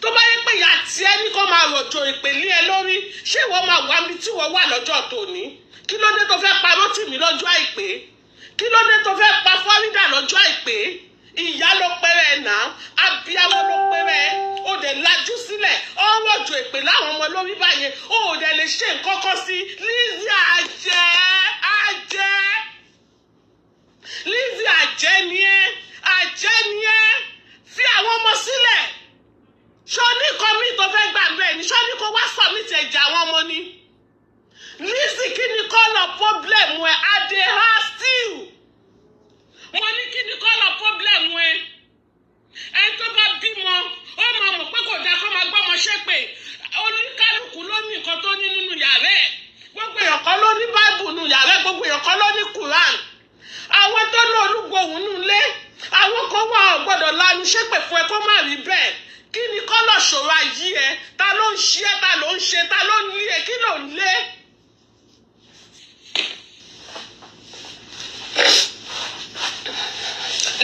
tó bá yẹ pé ìyá tiẹ̀ ní kó máa rọ̀jò ìpèlé ẹ lórí ṣé ìwọ máa wà mí tí wọ́n wà lọ́jọ́ tòní kí ló dé tó fẹ́ parọ́ tì mí lọ́jọ́ àìpé kí ló dé tó fẹ́ pa fọ́rídà lọ́jọ́ àìpé ìyá ló pẹ́rẹ́ náà abiyamọ ló pẹ́rẹ́ ó dẹ̀ lajú sílẹ̀ ọwọ́ jò èpè láwọn ọmọ lórí báyẹn ó dẹ̀ lè ṣe nǹkan kan sí Lizzie àjẹ́ àjẹ́ Lizzie àjẹ́ ni ẹ́ àjẹ́ ni ẹ́ fi àwọn ọmọ sílẹ̀ ṣọ́ni kọ́mí tó fẹ́ gbàgbé ni ṣọ́ni kó wá sọ̀mìtì ẹ̀jẹ̀ àwọn ọmọ ni Lizzie kí ni kọ́ lọ pọ́blẹ̀mù ẹ̀ adé ha still wọ́n ní kí ni kọ́lọ̀ pọ́blẹ̀mù ẹ ẹni tó bá bímọ ó máa mọ̀ pé kò dáa kó máa gbọ́ ọmọ ṣépè oníkálukú ló ní nǹkan tó ní nínú yàrá ẹ̀ gbogbo èèyàn kan ló ní báìbù nínú yàrá ẹ̀ gbogbo èèyàn kan ló ní kùrán àwọn tó ní olúgbòhùn nílé àwọn kan wà ò gbọ́dọ̀ lanu ṣépè fún ẹ kó má rí bẹ́ẹ̀ kí ni kọ́lọ̀ ṣòro ayé ẹ ta ló ń ṣe ẹ ta ló ń ṣe ta ló ń ẹ kí ló ń lé.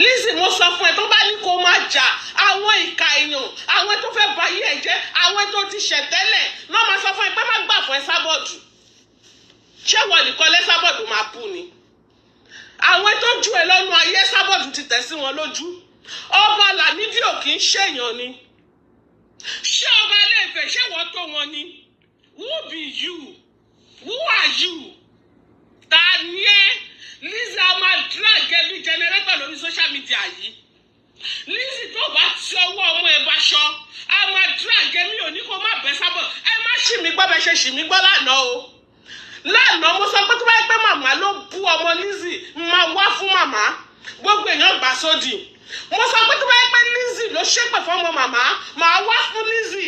Lizzy mo sọ fún ẹ tó bá ní kó má jà àwọn ìka èèyàn àwọn tó fẹ́ ba ayé ẹ jẹ́ àwọn tó ti ṣẹ̀ tẹ́lẹ̀ náà máa sọ fún ẹ pé má gbà fún ẹ sábọ̀dù ṣé wọ́n nìkan lẹ́ sábọ̀dù máa bù ni àwọn tó ju ẹ lọ́nu ayé sábọ̀dù ti tẹ̀ sí wọn lójú ọba làmídìò kì í ṣèèyàn ni ṣé ọba ilé ṣé wọ́n tó wọn ni who be you who are you ta ni ẹ́. Lizzy a máa drag ẹbí jẹnẹrétọ̀ lórí social media yìí Lizzy tó bá ti ọwọ́ ọmọ ẹ bá ṣọ a máa drag ẹmí òní kó má bẹ́ sábọ̀ ẹ má ṣì mí gbọ́ bẹ́ ṣe ṣì mí gbọ́ lánàá o lánàá mo sọ pé tó bá yẹ pé màmá ló bú ọmọ Lizzy máa wá fún màmá gbogbo èèyàn gbà sódì mo sọ pé tó bá yẹ pé Lizzy ló ṣépè fún ọmọ màmá máa wá fún Lizzy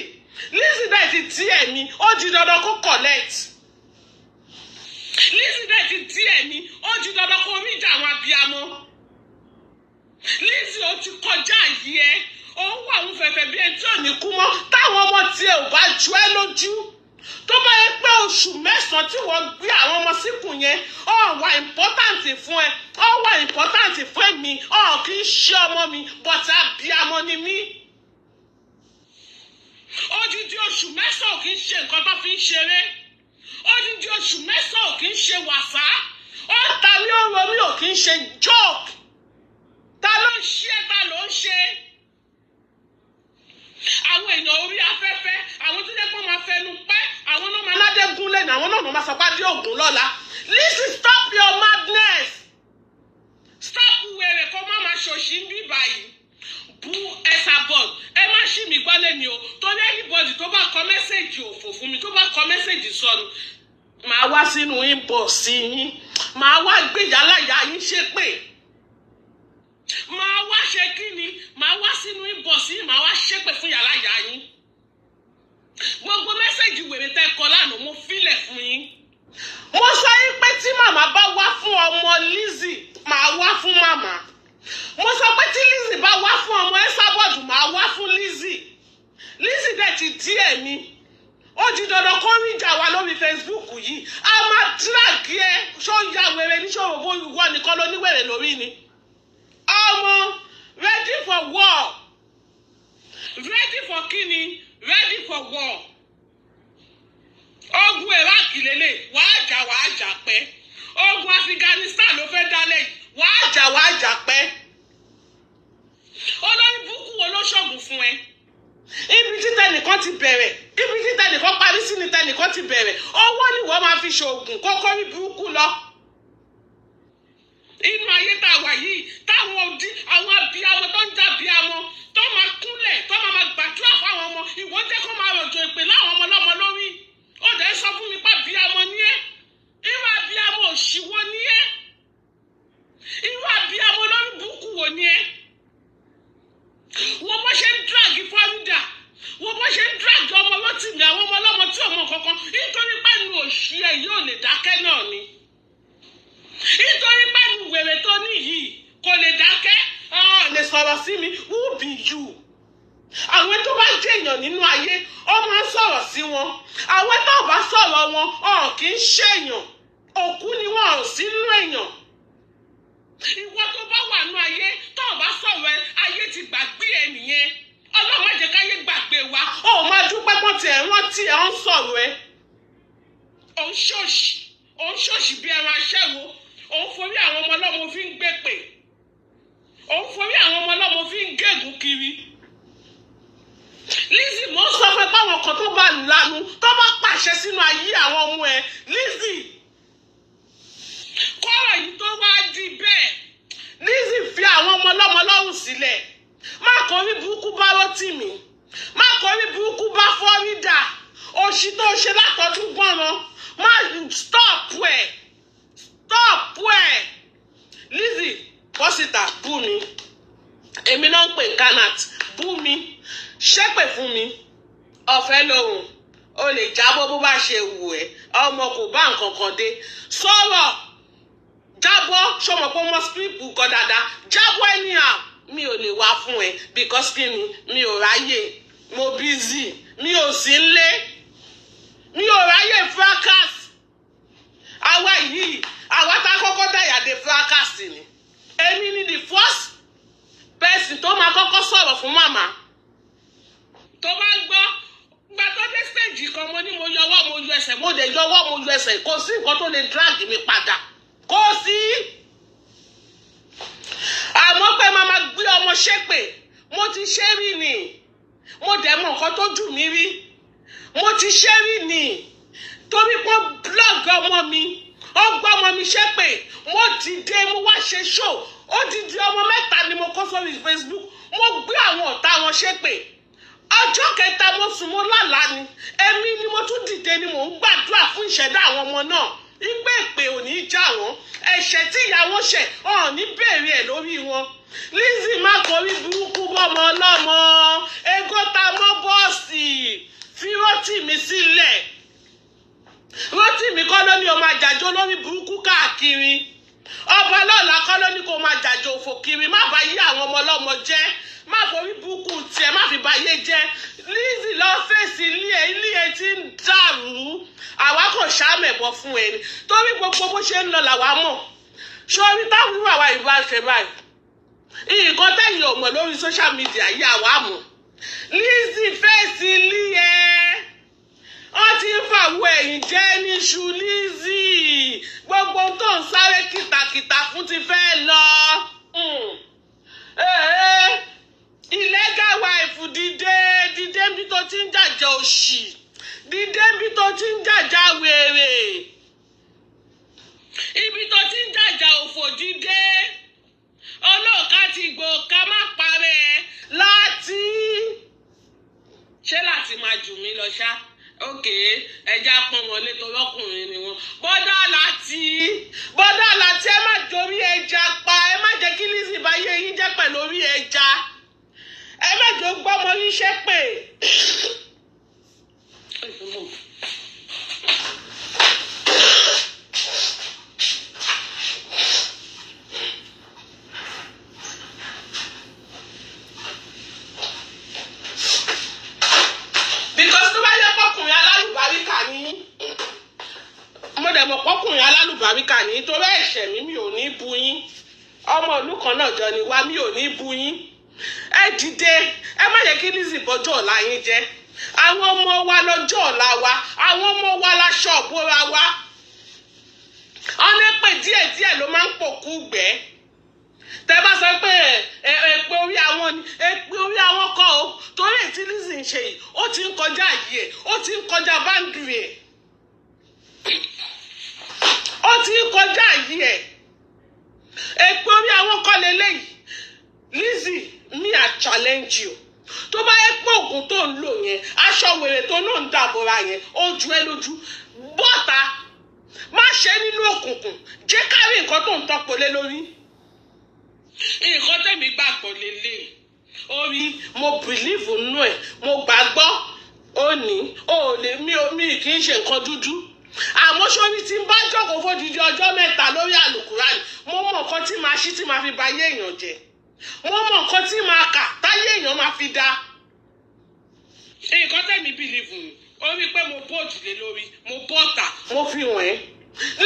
Lizzy náà ti tí ẹ̀mí ó di dandan kó collect. Lizzie ti díẹ̀ ni ó ti dandan kó omi ìjà àwọn abiyamọ Lizzie ó ti kọjá yìí ẹ òun wà ń fẹ̀fẹ̀ bí ẹni tí ò ní kú mọ́ táwọn ọmọ tiẹ̀ ò bá ju ẹ́ lójú tó bá yẹ pé oṣù mẹ́sàn-án tí wọ́n gbé àwọn ọmọ síkùn yẹn ó wà important fún ẹ ó wà important fún mi ó kì í ṣe ọmọ mi but abiyamọ ni mí odidi oṣù mẹ́sàn-án kì í ṣe nǹkan tó fi ń ṣeré odidi oṣù mẹ́sàn-án ò kì í ṣe wàsá ó ń ta mí ò kì í ṣe joke ta ló ń ṣe ta ló ń ṣe àwọn èèyàn orí afẹ́fẹ́ àwọn tó jẹ́ máa fẹnu pẹ́ àwọn náà máa ládẹ́gún lẹ́nu àwọn náà máa sọpá dé ògùn lọ́la listen stop your madness stop wèrè kó má máa ṣòṣì ń bí báyìí bú Esabod ẹ má ṣì mí gbọ́ lẹ́ni o torí anybody tó bá kọ mẹ́sẹ̀gì òfò fún mi tó bá kọ mẹ́sẹ̀gì sọnù màá wá sínú inbox yín màá wá gbèjàláyà yín ṣépè màá wá ṣe kí ni màá wá sínú inbox yín màá wá ṣépè fún yàláyà yín gbogbo mẹ́sẹ̀gì wèrè tẹ́ kọ lánàá mo filẹ̀ fún yín mo sọ yín pé tí màmá bá wá fún ọmọ Lizzy màá wá fún màmá mo sọ pé tí Lizzy bá wá fún ọmọ Esabod máa wá fún Lizzy Lizzy dẹ̀ ti dí ẹ̀mí ó di dandan kó rí ìjà wa lórí Facebook yìí a máa tíráàkì ẹ ṣó ń ya wèrè níṣòro bó wọ nìkan ló níwèrè lórí ni ọmọ ready for war ready for kíni ready for war ogun iraq lélẹ̀ wàá jà wàá jà pẹ́ ogun Afghanistan ló fẹ́ dálẹ̀ yìí wọ́n á jà wọ́n á jà pẹ́ olórí búkú olóṣogùn fún ẹ ibi títa nìkan ti bẹ̀rẹ̀ ibi títa nìkan parí sí níta nìkan ti bẹ̀rẹ̀ owó ni wọ́n máa fi ṣoògùn kókó rí burúkú lọ inú ayé tá a wà yìí táwọn òdi àwọn abiyamọ tó ń jà abiyamọ tó máa kúnlẹ̀ tó máa máa gbàdúrà fáwọn ọmọ ìwọ jẹ́ kó máa rọ̀jò ìpè láwọn ọmọ lọ́mọ lórí ó dẹ̀ sọ fún mi pé abiyamọ ni ẹ́ irú abiyamọ òṣìwọ́ ni ẹ́ irú àbíyamọ olórí burúkú wo ni ẹ wo bó ṣe ń drag fáwùdà wo bó ṣe ń drag ọmọ lọ́tìmí àwọn ọmọ ọlọ́mọ tí ọmọ kankan nítorí pẹ́ẹ́nu òṣì ẹ̀ yóò lè dákẹ́ náà ni nítorí pẹ́ẹ́nu wèrè tó níyì kò lè dákẹ́ lè sọ̀rọ̀ sí mi who be you àwọn tó bá jẹyàn nínú ayé ọ máa ń sọ̀rọ̀ sí wọn àwọn tó bá sọ̀rọ̀ wọn ọ̀ kì í ṣèyàn òkú ni wọn ò sí nínú èèyàn ìwọ tó bá wà nù ayé tó o bá sọ̀rọ̀ ẹ ayé ti gbàgbé ẹ nìyẹn ọlọ́run ẹ̀jẹ̀ káyé gbàgbé wa ó máa dúpẹ́ pọ̀ tiẹ̀ wọ́n tiẹ̀ ń sọ̀rọ̀ ẹ. òun ṣòṣì òun ṣòṣì bí ẹran aṣẹ́wó òun forí àwọn ọmọ ọlọ́mọ fi ń gbé pè òun forí àwọn ọmọ ọlọ́mọ fi ń gégùn kiri. Lizzy mo sọ fún ẹ báwọn kan tó bá lanu tó bá pàṣẹ sínú ayé àwọn ọmọ ẹ Lizzy kọ́rọ̀ yìí tó wá di bẹ́ẹ̀ Lizzy fi àwọn ọmọ ọlọ́mọ lọ́rùn sílẹ̀ má kọrí burúkú bá rọ́tì mi má kọrí burúkú bá fọ́rídà òṣì tó ṣe látọ̀dún gbọ́nran má stop ẹ̀ stop ẹ̀ Lizzy pọ́sítà bú mi èmi náà ń pè canat bú mi ṣépè fún mi ọ̀fẹ́ lòun o lè jábọ́ bó bá ṣe wù ẹ́ ọmọ kò bá nǹkan kan dé sọ̀rọ̀. So, jábọ́ sọmọ pé wọ́n script kọ dáadáa jábọ́ anyhow mi ò lè wá fún ẹ because kí ni mi ò ráyè mo busy mi ò sí nlé mi ò ráyè fracas àwa yìí àwa tá a kọ́kọ́ de fracas ni èmi ni the first person tó máa kọ́kọ́ sọ̀rọ̀ fún màmá tó bá gbọ́ gba tó dé stage kan mo ní mo yọwọ́ mo yọ ẹsẹ̀ mo dẹ̀ yọwọ́ mo yọ ẹsẹ̀ kò sí nǹkan tó lè drag mi padà kò sí. àmọ́ pé màá máa gbé ọmọ ṣépè mo ti ṣe rí ni mo dẹ̀ mọ nǹkan tó dùn mí rí mo ti ṣe rí ni torí pé blọọgì ọmọ mi ọgbà ọmọ mi ṣépè mo dìde mo wá ṣe ṣó ó dìde ọmọ mẹ́ta ni mo kọ́ sórí Facebook mo gbé àwọn ọ̀tá wọn ṣépè ọjọ́ kẹta mo sùn mo lálàá ni èmi ni mo tún dìde ni mò ń gbàdúrà fún ìṣẹ̀dá àwọn ọmọ náà ipe ìpè òní já wọn ẹ̀ṣẹ̀ tí ìyàwó ṣẹ̀ ọ̀ọ́ni bèrè ẹ̀ lórí wọn Lizzy má kọrí burúkú bọ́mọ ọlọ́mọ egó ta mọ́ bọ́ọ̀sì fi mi sílẹ̀ Rotimi kọ́ ló ní o máa jàjó lórí burúkú káàkiri ọba lọ́la kọ́ ló ní kó máa jàjó òfò kiri má bá yí àwọn ọmọ ọlọ́mọ jẹ́ má forí burúkú tiẹ̀ má fi bà yé jẹ́ Lizzy lọ fèsì ilé ẹ ilé ẹ ti ń dàrú àwa kò ṣàmẹ̀bọ fún ẹni torí gbogbo bó ṣe ń lọ làwa mọ̀ sórí táwọn àwa ìbá ṣe báyìí nǹkan tẹ̀yìn ọ̀mọ̀ lórí social media yìí àwa mọ̀ Lizzy fèsì ilé ẹ wọ́n ti ń fàwọ̀ ẹ̀yìn jẹ́ níṣu Lizzy gbogbo tó ń sáré kìtàkìtà fún ti fẹ́ lọ. Mm. Eh, eh illegal wife dìde dìde bí tó ti ń jàjà òṣì dìde bí tó ti ń jàjà wèrè ibi tó ti ń jàjà òfò dìde ọlọ́ọ̀ká ti gbò ká má parẹ́ láti ṣé láti máa jù mí lọ ṣá òkè ẹja pọn wọn lé tọlọkùnrin ni wọn bọdà láti bọdà láti ẹ má jẹ ẹja pa ẹ má jẹ kí Lizzy bá yé yín jẹ pẹ̀lú orí ẹja ẹ má jò gbọ́ ọmọ yín ṣe pé. ọkùnrin alálùbáríkà ní torí ẹ̀ṣẹ̀ mi mi ò ní bu yín ọmọ ìlú kan náà jọ ni wá mi ò ní bu yín. Ejide: dìde ẹ má yẹ kí Lizzy àwọn wa lọ́jọ́ ọ̀la wa la ṣọ́ọ̀bù ra wa ọlẹ́pẹ díẹ̀díẹ̀ ló máa ń pòkú gbẹ́ tẹ bá sọ pé èpè orí àwọn ni èpè orí àwọn kọ o torí ètí Lizzy ń ṣe yìí ti ń kọjá yìí ẹ ó ti ń kọjá báńdìrì ẹ ó ti ń kọjá yìí ẹ èpè orí àwọn kọ lélẹyìí me i challenge you tó bá yẹ pé oògùn tó ń lò yẹn aṣọ wèrè tó náà ń dàbọ̀ra yẹn ó ju ẹ lójú bọ́ta má ṣe nínú òkùnkùn jẹ́ kárí nǹkan tó ń tọ́pọ̀ lé lórí. nǹkan tẹ̀mí gbàgbọ́ lélẹ̀ orí mo believe nínú ẹ̀ mo gbàgbọ́ ó ní o ò lè mí omi kì í ṣe nǹkan dúdú àmọ́ sórí tí ń bá jókòó fódìdí ọjọ́ mẹ́ta lórí àlùkùránì mo mọ̀ nǹkan tí màá ṣí tí màá fi ba ayé èèyàn jẹ́ wọ́n mọ̀ nǹkan tí màá kà táyé èèyàn máa fi da nǹkan tẹ̀mí bìlìfù ó rí i pé mo bóòdù lé lórí mo bọ́ọ̀tà mo fi wọ̀n ẹ́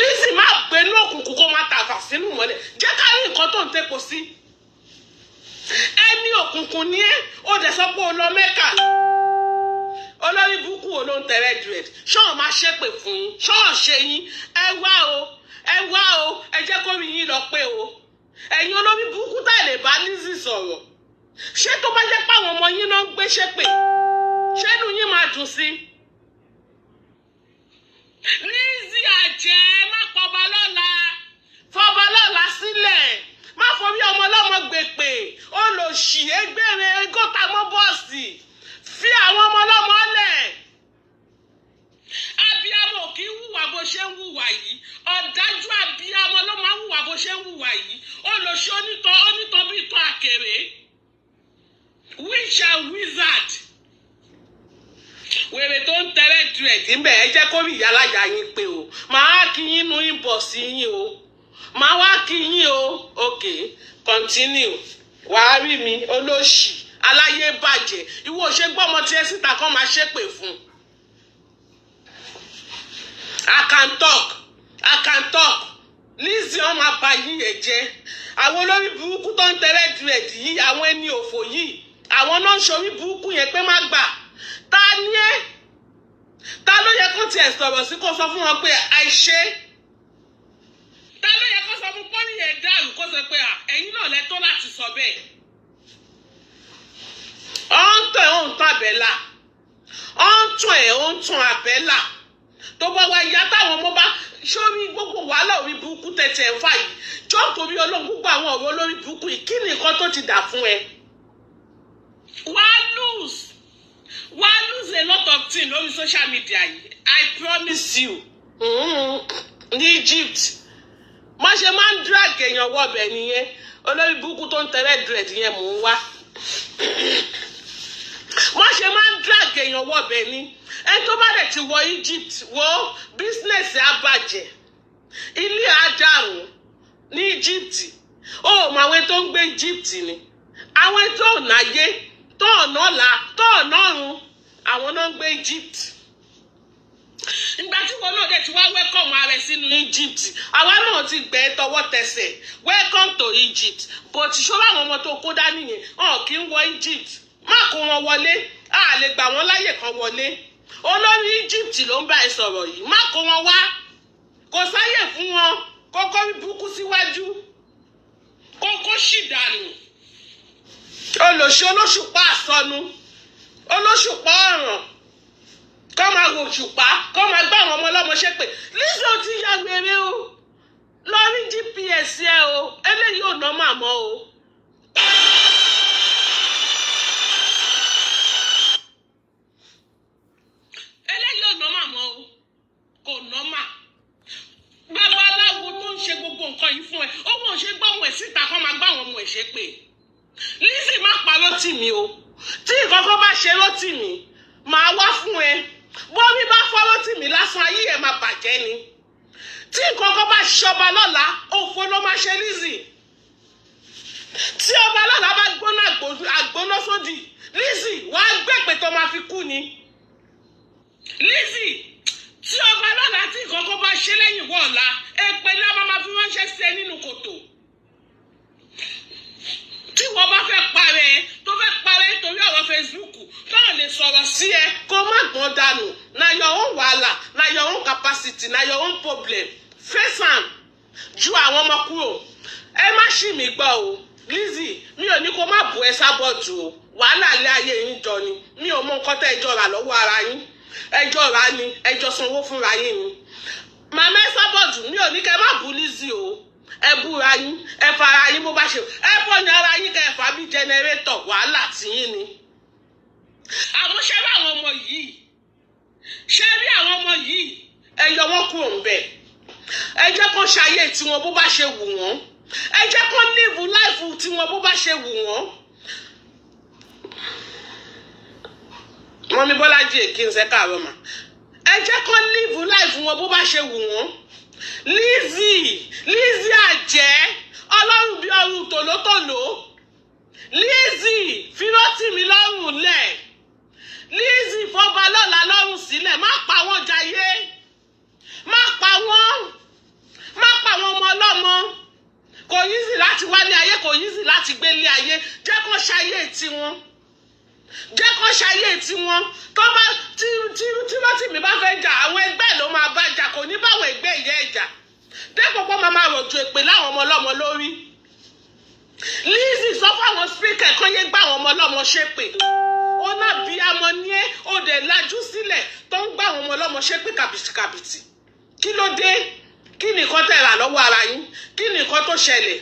Lizzy máa gbé inú òkùnkùn kó má tàfà sínú mọ́lẹ̀ jẹ́ ká rí nǹkan tó ń tepo sí ẹni òkùnkùn ni ẹ́ ó dẹ̀ sọ pé o lọ mẹ́kà olórí burúkú wo ló ń tẹ̀rẹ̀ dred ṣọ́ọ̀ máa ṣépè fún yín ṣọ́ọ̀ ṣe yín ẹ wá o ẹ wá o ẹ jẹ́ kó rí yín lọ pé o ẹ̀yin olórí burúkú tá lè bá Lizzy sọ̀rọ̀ ṣé tó bá jẹ́ páwọn ọmọ yín náà ń gbé ṣépè ṣé inú yín máa dùn sí. Lizzy àjẹ́ má pọba lọ́la fọba lọ́la sílẹ̀ má forí ọmọ ọlọ́mọ gbèpè olòṣì égbére gótà mọ́ bọ́ọ̀sì fi àwọn kéré wíṣà wizard wèrè tó ń tẹrẹ ju ẹdín bẹ́ẹ̀ ẹ jẹ́ kó rí ìyá aláya yín pé o màá kí yín nu inbox yín o màá wá kí yín o okay continue wàá rí mi olóṣì aláyé bàjẹ́ ìwọ ò ṣe gbọ́mọ tí ẹ síta kọ́ máa ṣépè fún un. I can talk I can talk Lizzy ọmọ abayín yẹn jẹ́ àwọn olórí burúkú tó ń tẹ̀lé direct yìí àwọn ẹni òfò yìí àwọn náà ń ṣorí burúkú yẹn pé má gbà ta ni ẹ ta ló yẹ kó tiẹ̀ sọ̀rọ̀ sí kó sọ fún wọn pé àìṣe ta ló yẹ kó sọ fún pọ́nì yẹn dàrú kó sọ pé ẹ̀yin náà lẹ tó láti sọ bẹ́ẹ̀ ọ̀ǹtọ̀ ẹ̀ ń tàn àbẹ́là ọ̀ǹtọ̀ ẹ̀ ń tàn àbẹ́là tó bá wá ìyá táwọn ọmọ bá sórí gbogbo wàhálà orí burúkú tẹ̀tẹ̀ ẹ̀fà yìí jọ́ torí ọlọ́run gbogbo àwọn ọ̀rọ̀ olórí burúkú yìí kí ni tó ti dà fún ẹ. wàá lose wàá lose a lot of things lórí social media yìí I promise you Hmm. ní Egypt má ṣe máa ń drag èèyàn wọ̀bẹ̀ nìyẹn olórí burúkú tó ń tẹ̀lé dread yẹn mò ń wá má ṣe máa ń drag èèyàn wọ̀bẹ̀ ni ẹni tó bá dẹ̀ ti wọ Egypt wo business á bàjẹ́ ilé á ní Egypt ó mọ àwọn tó ń gbé Egypt ni àwọn tó náyé tó nọ́la tó nọ́run àwọn náà ń gbé Egypt ìgbà tí wọn náà dẹ̀ ti wá wẹ́kọ̀mù ààrẹ sínú Egypt àwa náà ti gbẹ́ tọwọ́ tẹsẹ̀ welcome to Egypt but ṣọ́ra àwọn ọmọ tó kó dání yẹn hàn kí ń wọ Egypt má kó wọn wọlé a lè gbà wọ́n láyè kan wọlé olórí Egypt ló ń bá ẹ sọ̀rọ̀ yìí má kó wọn wá kò sáyè fún wọn kókó búkú síwájú kókó sì dànù olóṣù olóṣùpá àsọnu olóṣùpá ọ̀ràn kọ́ máa wò òṣùpá kọ́ máa gbá àwọn ọmọ ọlọ́mọ ṣépè Lizzy ti ya wèrè o lọ rí GPS ẹ o eléyìí ò nọ́ màmọ́ o. kò nọ́mà babaláwo tó ń ṣe gbogbo nǹkan yìí fún ẹ ó wọ́n ṣe gbọ́ wọn ẹ̀ síta kọ́ máa gbá àwọn ọmọ ẹ̀ ṣe pé Lizzy má pa lọ́tì mi o tí ìkọ́kọ́ bá ṣe lọ́tì mi màá wá fún ẹ bọ́mí bá fọ́ lọ́tì mi lásán ayé ẹ̀ máa bàjẹ́ ni tí ìkọ́kọ́ bá ṣọba lọ́la òfo ló máa ṣe Lizzy tí ọba lọ́la bá gbóná àgbóná sódì Lizzy wàá gbẹ̀pẹ̀ tó máa fi kú ni Lizzy tí ọba lọ́la tí kọ́kọ́ bá ṣe lẹ́yìn wọ̀ọ́la èpè ni ọba máa fi ránṣẹ́ sí ẹ nínú kòtò tí wọ́n bá fẹ́ parẹ́ tó fẹ́ parẹ́ nítorí ọ̀rọ̀ Facebook táwọn lè sọ̀rọ̀ sí ẹ kó má gbọ́n dànù na your own wàhálà na your own capacity na your own problem face am ju àwọn ọmọ kúrò ẹ má ṣì mí gbọ́ o Lizzy mi ò ní kó má bù ẹ sábọ̀dù o wàhálà ilé ayé yín jọ ni mi ò mọ nǹkan tẹ́ ẹ jọ lọ́wọ́ ara yín ẹjọ́ ra ni ẹjọ́ sanwó fúnra yín ni màmá ẹ sábọ̀dù mi ò ní kẹ́ má bú Lizzy o ẹ búra yín ẹ fara yín bó bá ṣe ẹ bọ̀ ní ara yín kẹ́ ẹ fà bí jẹnẹrétọ̀ wàhálà tìyín ni àmọ́ ṣe rí àwọn ọmọ yìí ṣe rí àwọn ọmọ yìí ẹ yọ wọn kúrò ń bẹ̀ ẹ jẹ́ kó ṣayé tiwọn bó bá ṣe wù wọ́n ẹ jẹ́ kó live life tiwọn bó bá ṣe wù wọ́n. mọ́mí bọ́lájì èkí ń sẹ́ káàárọ̀ mà ẹ jẹ́ kó live life wọn bó bá ṣe wù wọ́n Lizzy Lizzy àjẹ́ ọlọ́run bíi ọrùn tòlótòló Lizzy fírọ́tìmí lọ́rùn lẹ̀ Lizzy fọba lọ́la lọ́rùn sílẹ̀ má pa wọ́n jayé má pa wọ́n má pa wọ́n ọmọ ọlọ́mọ kò yízì láti wálé ayé kò yízì láti gbélé ayé jẹ́ kó ṣayé tiwọn jẹ́ kó ṣayé tiwọn tó bá tí tí tí Rotimi bá fẹ́ jà àwọn ẹgbẹ́ ló máa bá jà kò ní báwọn ẹgbẹ́ ìyá ẹ̀ jà dẹ́kun pọ́ máa máa rọ̀jò èpè láwọn ọmọ ọlọ́mọ lórí Lizzy sọ fáwọn spíkẹ̀ kan yé gbá àwọn ọmọ ọlọ́mọ ṣépè ó náà bí amọ ní ẹ ó dẹ̀ lajú sílẹ̀ tó ń gbá àwọn ọmọ ọlọ́mọ ṣépè kàbìtìkàbìtì kí ló dé kí nìkan tẹ̀ rà lọ́wọ́ ara yín kí nìkan tó ṣẹlẹ̀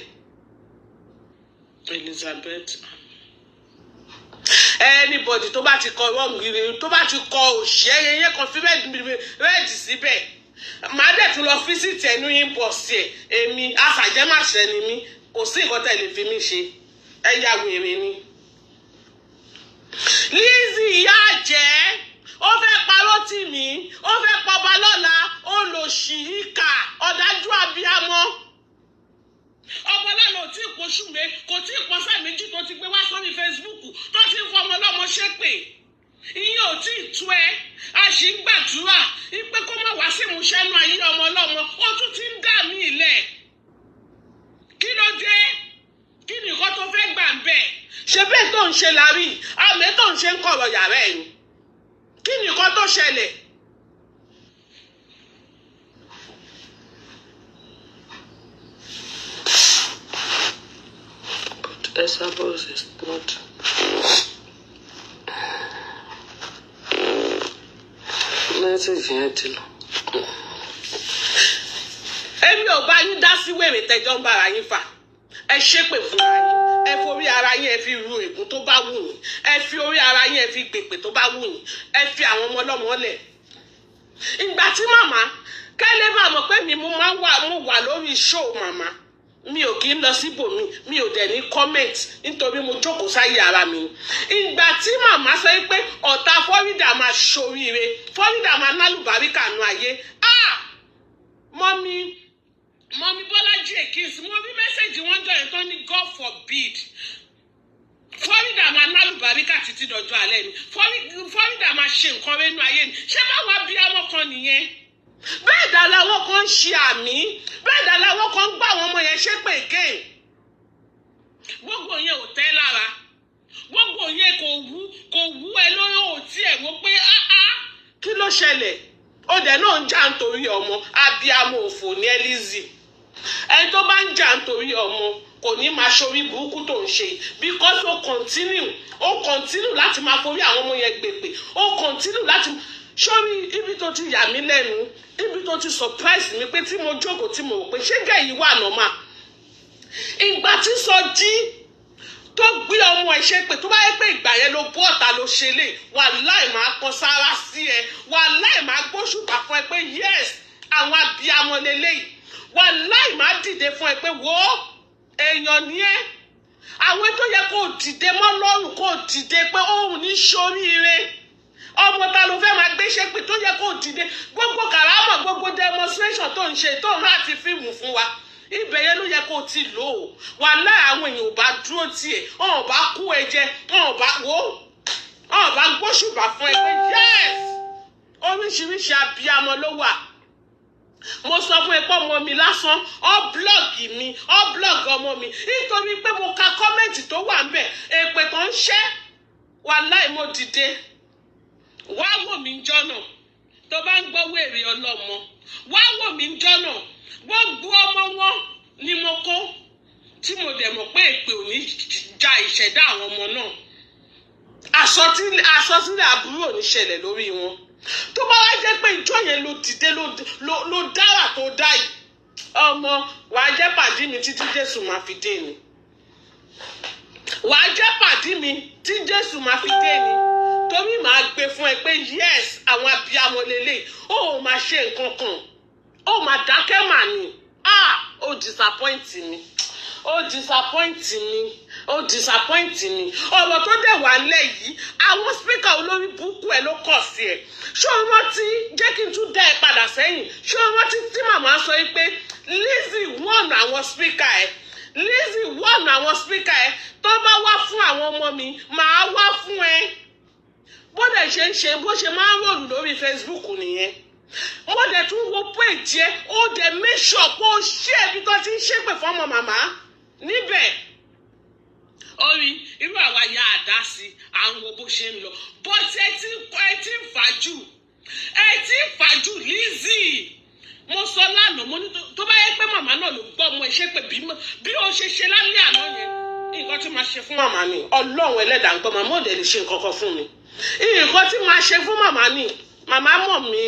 Elizabeth anybody tó bá ti kọ wrong yìí tó bá ti kọ òṣìṣẹ́ yẹn yẹn kan fi rẹ́ẹ̀dì síbẹ̀ màá dẹ̀ tún lọ fi sí tẹ̀nu yín bọ̀ sí ẹ̀ èmi àfàjẹ́màṣẹ́ ni mí kò sí nǹkan tẹ̀ lè fi mí ṣe ẹ ya wèrè ni. Lizzy ìyá àjẹ́ ó fẹ́ parọ́ tì mí ó fẹ́ pọba lọ́la ó lòṣì ìkà ọ̀dájú abiyamọ ọmọ ọlọ́run ò tí ì poṣù mi kò tí ì pọ́sẹ̀ méjì tó ti gbé wá sórí Facebook tó ti ń fọmọ ọlọ́mọ ṣépè ìyẹn ò tí ì tú ẹ a sì ń gbàdúrà pé kó má wá sí ìmúṣẹ́nu ayé ọmọ ọlọ́mọ ó tún ti ń dà mí ilẹ̀ kí ló dé kí nìkan tó fẹ́ gbà ń bẹ̀ ṣe bẹ́ẹ̀ tó ń ṣe láàrin àmì tó ń ṣe ń kọ̀rọ̀ yàrá ẹ̀ kí nìkan tó ṣẹlẹ̀ Examples is not. Mẹ́sẹ̀jì yẹn ti lọ. Èmi ò bá yín dá sí wèrè tẹjọ́ ń bára yín fà. Ẹ ṣépè fún ara yín. Ẹ forí ara yín ẹ fi ru ègún tó bá wù yín. Ẹ fi orí ara yín ẹ fi gbèpè tó bá wù yín. Ẹ fi àwọn ọmọ ọlọ́mọ lẹ̀. Ìgbà tí màmá kẹ́lẹ́ bá mọ̀ pé mi mo máa wà lórí ṣóò màmá mi ò kí ń lọ síbòmí mi ò dẹ̀ ní comment nítorí mo jókòó sáyé ara mi ìgbà tí màmá sọ pé ọ̀tá fọ́rídà máa ṣoríire fọ́rídà máa nálùbáríkà nu ayé ah mọ́mí mọ́mí bọ́lájú èkìsì mo rí mẹ́sẹ̀gì wọ́n jọ yẹn tó ní god forbid fọ́rídà máa nálùbáríkà títí dọjọ́ alẹ́ ni fọ́rídà máa ṣe nǹkan rẹ́nu ayé ni ṣé báwa bí ọmọ kan nìyẹn bẹ́ẹ̀ dà làwọn kan ń ṣe àmì bẹ́ẹ̀ dà làwọn kan ń gbà àwọn ọmọ yẹn ṣépè gé gbogbo yẹn ò tẹ́ lára gbogbo yẹn kò wú kò wú ẹ lórí òtí ẹ̀ wọ́n pé áá ah, ah, kí ló ṣẹlẹ̀ ó dẹ̀ náà ń jà nítorí ọmọ abiyamọ òfò ní Lizzy ẹni tó bá ń jà nítorí ọmọ kò ní máa ṣorí burúkú tó ń ṣe because ó continue ó continue láti máa forí àwọn ọmọ yẹn gbègbè ó continue láti sórí ibi tó ti yà mí lẹ́nu ibi tó ti surprise mi pé tí mo jókòó tí mo rò pé ṣé gẹ̀yì wà normal ìgbà tí Sọjí tó gbé ọmọ ẹ ṣe pé tó bá yẹ pé ìgbà yẹn ló bú ọ̀tá ló ṣe lè wàláì máa kan sára sí ẹ wàláì máa gbóṣùbà fún ẹ pé yes àwọn abiyamọ lélẹ́yìí wàláì máa dìde fún ẹ pé wo èèyàn ni ẹ àwọn tó yẹ kó dìde mọ́ lọ́rùn kó dìde pé òun ní ṣoríire ọmọ ta ló fẹ́ máa gbé ṣépè tó yẹ kó dìde gbogbo kàrámọ̀ gbogbo demonstration tó ń ṣe tó ń láti fíìmù fún wa ibẹ̀ yẹn ló yẹ kó ti lò ó wà láà àwọn èèyàn ò bá dúró tiẹ̀ wọn ò bá kú ẹ wọn ò bá wò ó wọn ò bá gbóṣùbà fún ẹ pé yes oríṣiríṣi abiyamọ ló wà mo sọ fún ẹ pé ọmọ mi lásán ọ blọọgì mi ọ blọọgì ọmọ mi nítorí pé mo ka kọ́mẹ̀ntì tó wà ń bẹ̀ èpè tó ń ṣẹ́ wà láì mo dìde wá wò mí jọ́nà tó bá ń gbọ́ wèrè ọlọ́mọ wá wò mí jọ́nà wọ́n ọmọ wọn ni mo kó tí mo dẹ̀ mọ̀ pé èpè ò ní ja ìṣẹ̀dá àwọn ọmọ náà àsọtúnlẹ̀ àbúrò ní ṣẹlẹ̀ lórí wọn tó bá wá jẹ́ pé ìjọ yẹn ló dìde ló dára tó dá yìí ọmọ wàá jẹ́ pàdí mi títí Jésù máa fi dé ni wàá jẹ́ pàdí mi tí Jésù máa fi dé ni torí màá gbé fún ẹ pé yes àwọn abiyamọ lélẹ̀ ó máa ṣe nǹkan kan ó máa dákẹ́ mà ní ah ó disappoint mi ó disappoint mi ó disappoint mi ọ̀rọ̀ tó dẹ̀ wà ńlẹ̀ yìí àwọn spíkà olórí búkú ẹ̀ ló kọ̀ sí ẹ̀ ṣé o rántí jẹ́ kí n tún dá ẹ padà sẹ́yìn ṣé o rántí tí màmá sọ yìí pé Lizzie wọ́n àwọn spíkà ẹ̀ Lizzie wọ́n àwọn spíkà ẹ̀ tó bá wá fún àwọn ọmọ mi màá wá fún ẹ bó dẹ̀ ṣe ń ṣe bó ṣe máa ń wọ̀lù lórí Facebook nìyẹn wọ́n dẹ̀ tún wo péjì ẹ ó dẹ̀ méṣọ̀ pé ó ṣe é bí tó ti ń ṣépè fọ́mọ màmá níbẹ̀ orin irú àwa ya àdá sí àwọn bó ṣe ń lọ but ẹ ti ẹ ti ń fà jù ẹ ti ń fà jù Lizzy mo sọ lánàá mo ní tó bá yẹ pé màmá náà ló gbọ́ ọmọ ẹ̀ṣẹ́ pé bí ó ṣe ṣe lálẹ́ àná yẹn nǹkan tí màá ṣe fún màmá ni ọlọ́run ẹlẹ́dàá ń gbọ́ màmá ò dẹ̀ lè ṣe nǹkan kan fún mi nǹkan tí màá ṣe fún màmá ni màmá mọ̀ mí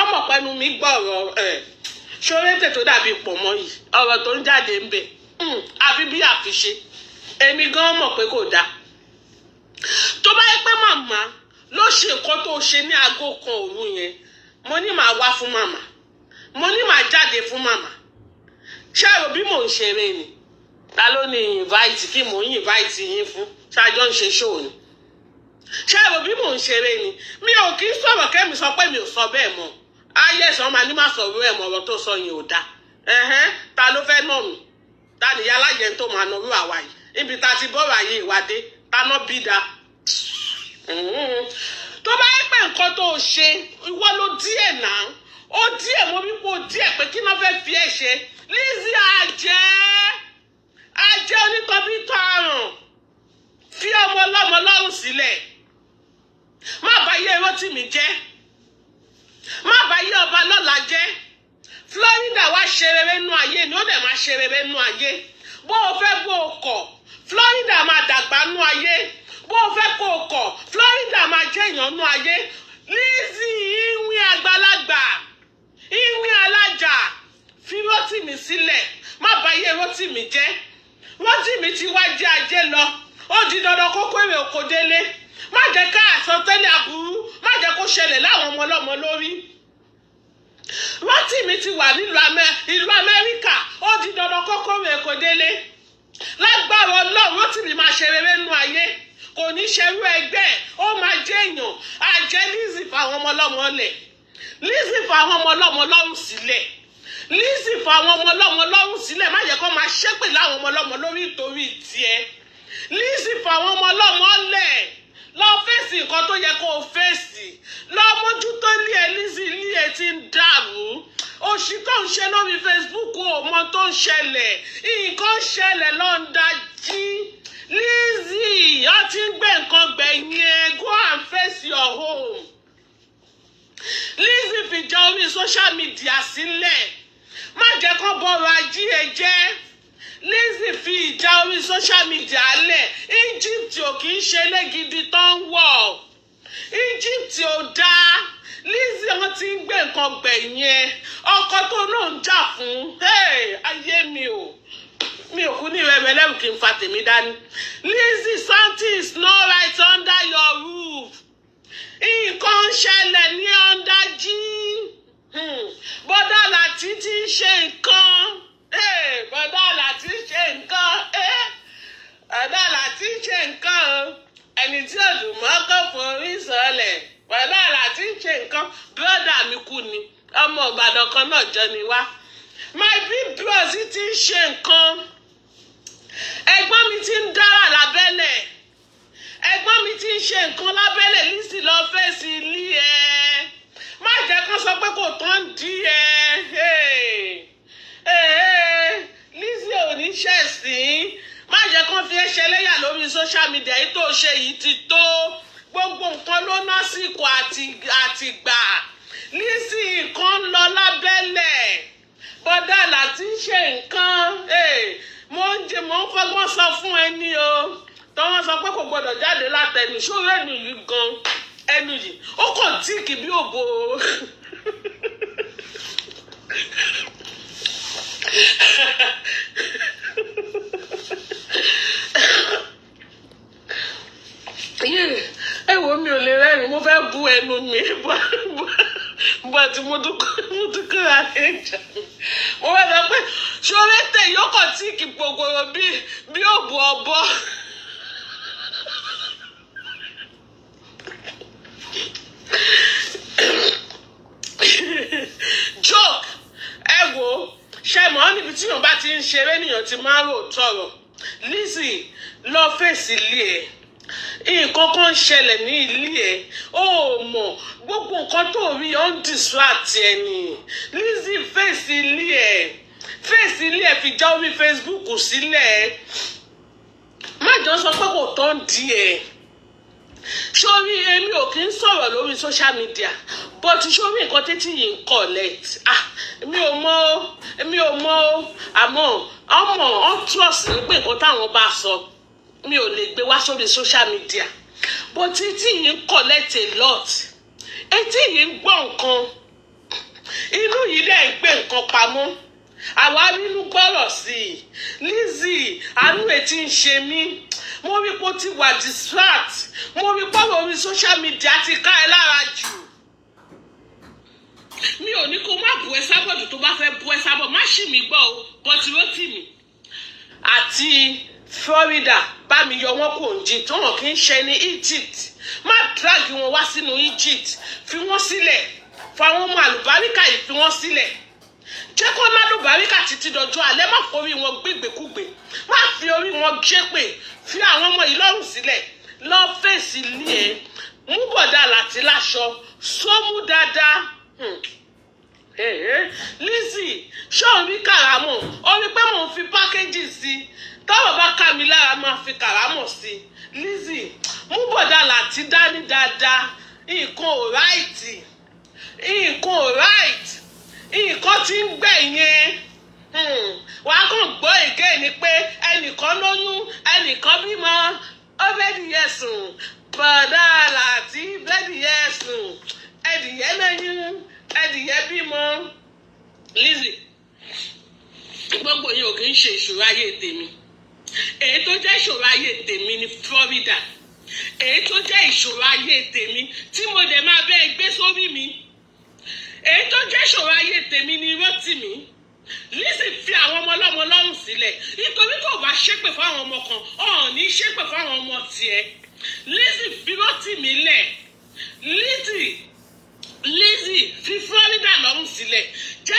ọmọ pẹ̀lú mi gbọ́ ọ̀rọ̀ ẹ̀ ṣoré tètò dàbí pọ̀ mọ́ yìí ọ̀rọ̀ tó ń jáde ń bẹ̀ hmm, àfi bí àfiṣe èmi gan mọ̀ pé kò dáa tó bá yẹ pé màmá ló ṣe nǹkan tó ṣe ní aago kan òru yẹn mo ní màá wá fún màmá mo ní màá jáde fún màmá ṣé o bí mò ń ṣeré ni ta ló ní invite kí mò ń invite yín fún ṣáájọ́ ń ṣe ṣóò ni ṣé bí mò ń ni mi ò kí ń sọ̀rọ̀ kẹ́mi sọ pé mi ò sọ bẹ́ẹ̀ mọ́ ayé ẹ̀sán máa ní má sọ bẹ́ẹ̀ mọ́ ọ̀rọ̀ tó sọ yẹn ò dáa ta ló fẹ́ nà mí ta nìyá alájẹ tó máa nọ àwa yìí ibi ta ti bọ́ọ̀rọ̀ ayé ìwádé ta ná bí da tó bá yẹ pé tó ṣe ló díẹ̀ ó díẹ̀ mo bí díẹ̀ pé kí náà fẹ́ fi ẹ̀ ṣe Lizzy àjẹ́ àjẹ́ fi ọmọ ọlọ́mọ má bà ayé Rótìmí jẹ́ má bà ayé ọba lọ́la jẹ́ Florida wá ṣe rere nú ayé ni ó dẹ̀ máa ṣe rere nú ayé bó o fẹ́ bó o kọ̀ Florida máa dàgbà nú ayé bó o fẹ́ kó o kọ̀ Florida máa jẹ́ èèyàn nú ayé Lizzy ìwín àgbàlagbà ìwín alájà fi rotimi sílẹ̀ má bà ayé Rótìmí jẹ́ Rótìmí ti wá jẹ́ ajé lọ ó di dandan kókó èrè òkò délé má jẹ́ ká àsọtẹ́lẹ̀ aburú má jẹ́ kó ṣẹlẹ̀ láwọn ọmọ ọlọ́mọ lórí Rotimi ti wà nílùú ìlú Amẹ́ríkà ó di dandan kọ́kọ́rò ẹ̀ kò délé lágbára Ọlọ́run Rotimi máa ṣe rere nínú ayé kò ní ṣerú ẹgbẹ́ ó máa jẹ́ èèyàn àjẹ́ Lizzy fáwọn ọmọ ọlọ́mọ lẹ̀ Lizzy fáwọn ọmọ ọlọ́mọ lọ́rùn sílẹ̀ Lizzy fáwọn ọmọ ọlọ́mọ lọ́rùn sílẹ̀ má jẹ́ kó máa ṣépè láwọn ọmọ ọlọ́mọ lórí ìtorí tiẹ̀ Lizzy fáwọn ọmọ ọlọ́mọ lẹ̀ lọ fèsì nǹkan tó yẹ kó o fèsì lọ mójútó ilé ẹ Lizzy ilé ẹ ti ń dàrú òṣì tó ń ṣe lórí Facebook o mọ tó ń ṣẹlẹ̀ nǹkan ṣẹlẹ̀ ló ń dají ọ ti ń gbé nǹkan gbẹ̀yìn ẹ go and face your home Lizzy fìjà orí social media sílẹ̀ má jẹ́ kó bọ́ra jí ẹ jẹ́. Lizzy fi ìjà orí social media lẹ̀ Egypt ò kì í ṣe ilé gidi tó ń wọ̀ Egypt ò dáa Lizzy wọn ti ń gbé nǹkan gbẹ̀yìn ẹ ọkọ tó náà ń jà fún ayé mi ò mi ò kú ní ìrẹ̀mẹ̀ lẹ́rù kí n fa tèmi dání Lizzy something is not right under your roof nǹkan ń ṣẹlẹ̀ ní ọ̀ndájí hmm. bọ́dà làtí ti ń ṣe nǹkan. bọ̀dá láti ṣe nǹkan eh? ṣe nǹkan ẹni tí olùmọ́kọ́ forí sọlẹ̀ bọ̀dá láti ṣe nǹkan bírọ́dà mi kú ni ọmọ Ìbàdàn kan náà jọ ni wá my big bros ń ṣe nǹkan ẹ̀gbọ́n mi ti ń dára lábẹ́lẹ̀ mi ń ṣe nǹkan lábẹ́lẹ̀ lọ fèsì ilé ẹ̀ sọ pé kò Eh, eh, Lizzie ò ní ṣẹ̀sìn má jẹ́ kán fi ẹ́ ṣe ẹlẹ́yà lórí social media èyí tó ṣe yìí ti tó gbogbo nǹkan ló lásìkò àtìgbà Lizzie nǹkan ń lọ lábẹ́lẹ̀ bọ́dà láti ń ṣe nǹkan eh, mo ń jẹ mo ń fọgbọ́n sọ fún ẹni o tọ́wọ́n sọ pé kò gbọ́dọ̀ jáde látẹnu ṣòro ẹnu yìí gan ẹnu yìí ó kàn tíìkì bí òbò. [LAUGHS] ẹ mi ò lè rẹ́rìn mo mi bọ́ àti mo dúkọ́ àti ìjà mo fẹ́ sọ pé ṣọlẹ́ tẹ̀ yọkọ̀ tí kì gbogbooro bí òbú ọbọ̀. joke ẹ wo. ṣe mọ́ níbi tí èèyàn bá ti ń ṣeré nìyàn ti máa rò tọrọ Lizzy lọ fèsì ilé ẹ̀ nǹkan kan ṣẹlẹ̀ ní ilé ẹ̀ ó mọ̀ gbogbo nǹkan tó rí ọ́ ń distract ẹni Lizzy fèsì ilé ẹ̀ fèsì ilé ẹ̀ fi já orí Facebook sílẹ̀ má jọ sọ pé kò tán di ẹ̀ sórí èmi ò kí ń sọ̀rọ̀ lórí social media but sórí nǹkan tẹ́tí yìí ń collect ah mi ò mọ mi ò mọ àmọ́ ọmọ ọtúọ̀sì ní pé nǹkan táwọn bá sọ mi ò lè gbé wá sórí social media but títí yìí ń collect a lot etí yìí ń gbọ́ nǹkan inú yìí dẹ̀ ń gbé nǹkan pamọ́ àwa rínú gbọ́rọ̀ sí i Lizzy àánú etí ń ṣe mí mo rí pé ó ti wà distract mo rí pé orí social media ti ká ẹ lára jù mi ò ní kó má bu ẹ sábọ̀dù tó bá fẹ́ bu ẹ sábọ̀ má ṣì mí gbọ́ o bọ́tí mi àti Florida bá mi yọ wọn kò ń jí tọrọ kí n ṣe ní Egypt má drag wọn wá sínú Egypt fi wọn sílẹ̀ fún àwọn ọmọ àlùbáríkà yìí fi wọn sílẹ̀ jẹ́ kó lálùbáríkà títí dọjọ́ alẹ́ má forí wọn gbégbèkúgbè má fi orí wọn jépè fi àwọn ọmọ yìí lọ́rùn sílẹ̀ lọ fèsì ní ẹ mú bọ̀dá láti láṣọ sómú dáadáa. Hmm. Lizzy ṣóun rí kàrámọ̀ ó rí pé mò ń fi pákéjì sí i tọ́wọ́ bá ká mi lára máa fi kàrámọ̀ sí i Lizzy mú bọ̀dá láti dání dáadáa nǹkan ò ráìtì nǹkan ò ráìtì nǹkan tí ń gbẹ̀ yẹn hmm. wàá kàn gbọ́ èké ni pé ẹnìkan lóyún ẹnìkan bímọ ó bẹ́ẹ̀dìyẹ sùn bọ̀dá láti bẹ́ẹ̀dìyẹ sùn ẹdìyẹ lóyún ẹdìyẹ bímọ Lizzy gbogbo yìí ò kì í ṣe ìṣòro ayé tèmi èyí tó jẹ́ ìṣòro ayé tèmi ni Florida èyí tó jẹ́ ìṣòro ayé tèmi tí mo dẹ̀ máa bẹ́ẹ̀ gbé sórí mi. So èyí tó jẹ́ ṣòro ayé tèmi ni irọ́ tì mí Lizzy fi àwọn ọmọ ọlọ́mọ lọ́rùn sílẹ̀ nítorí kò bá ṣépè fáwọn ọmọ kan ọ̀hún ní ṣépè fáwọn ọmọ tiẹ̀ Lizzy fi irọ́ tì mí lẹ̀ Lizzy Lizzy fi Florida lọ́rùn sílẹ̀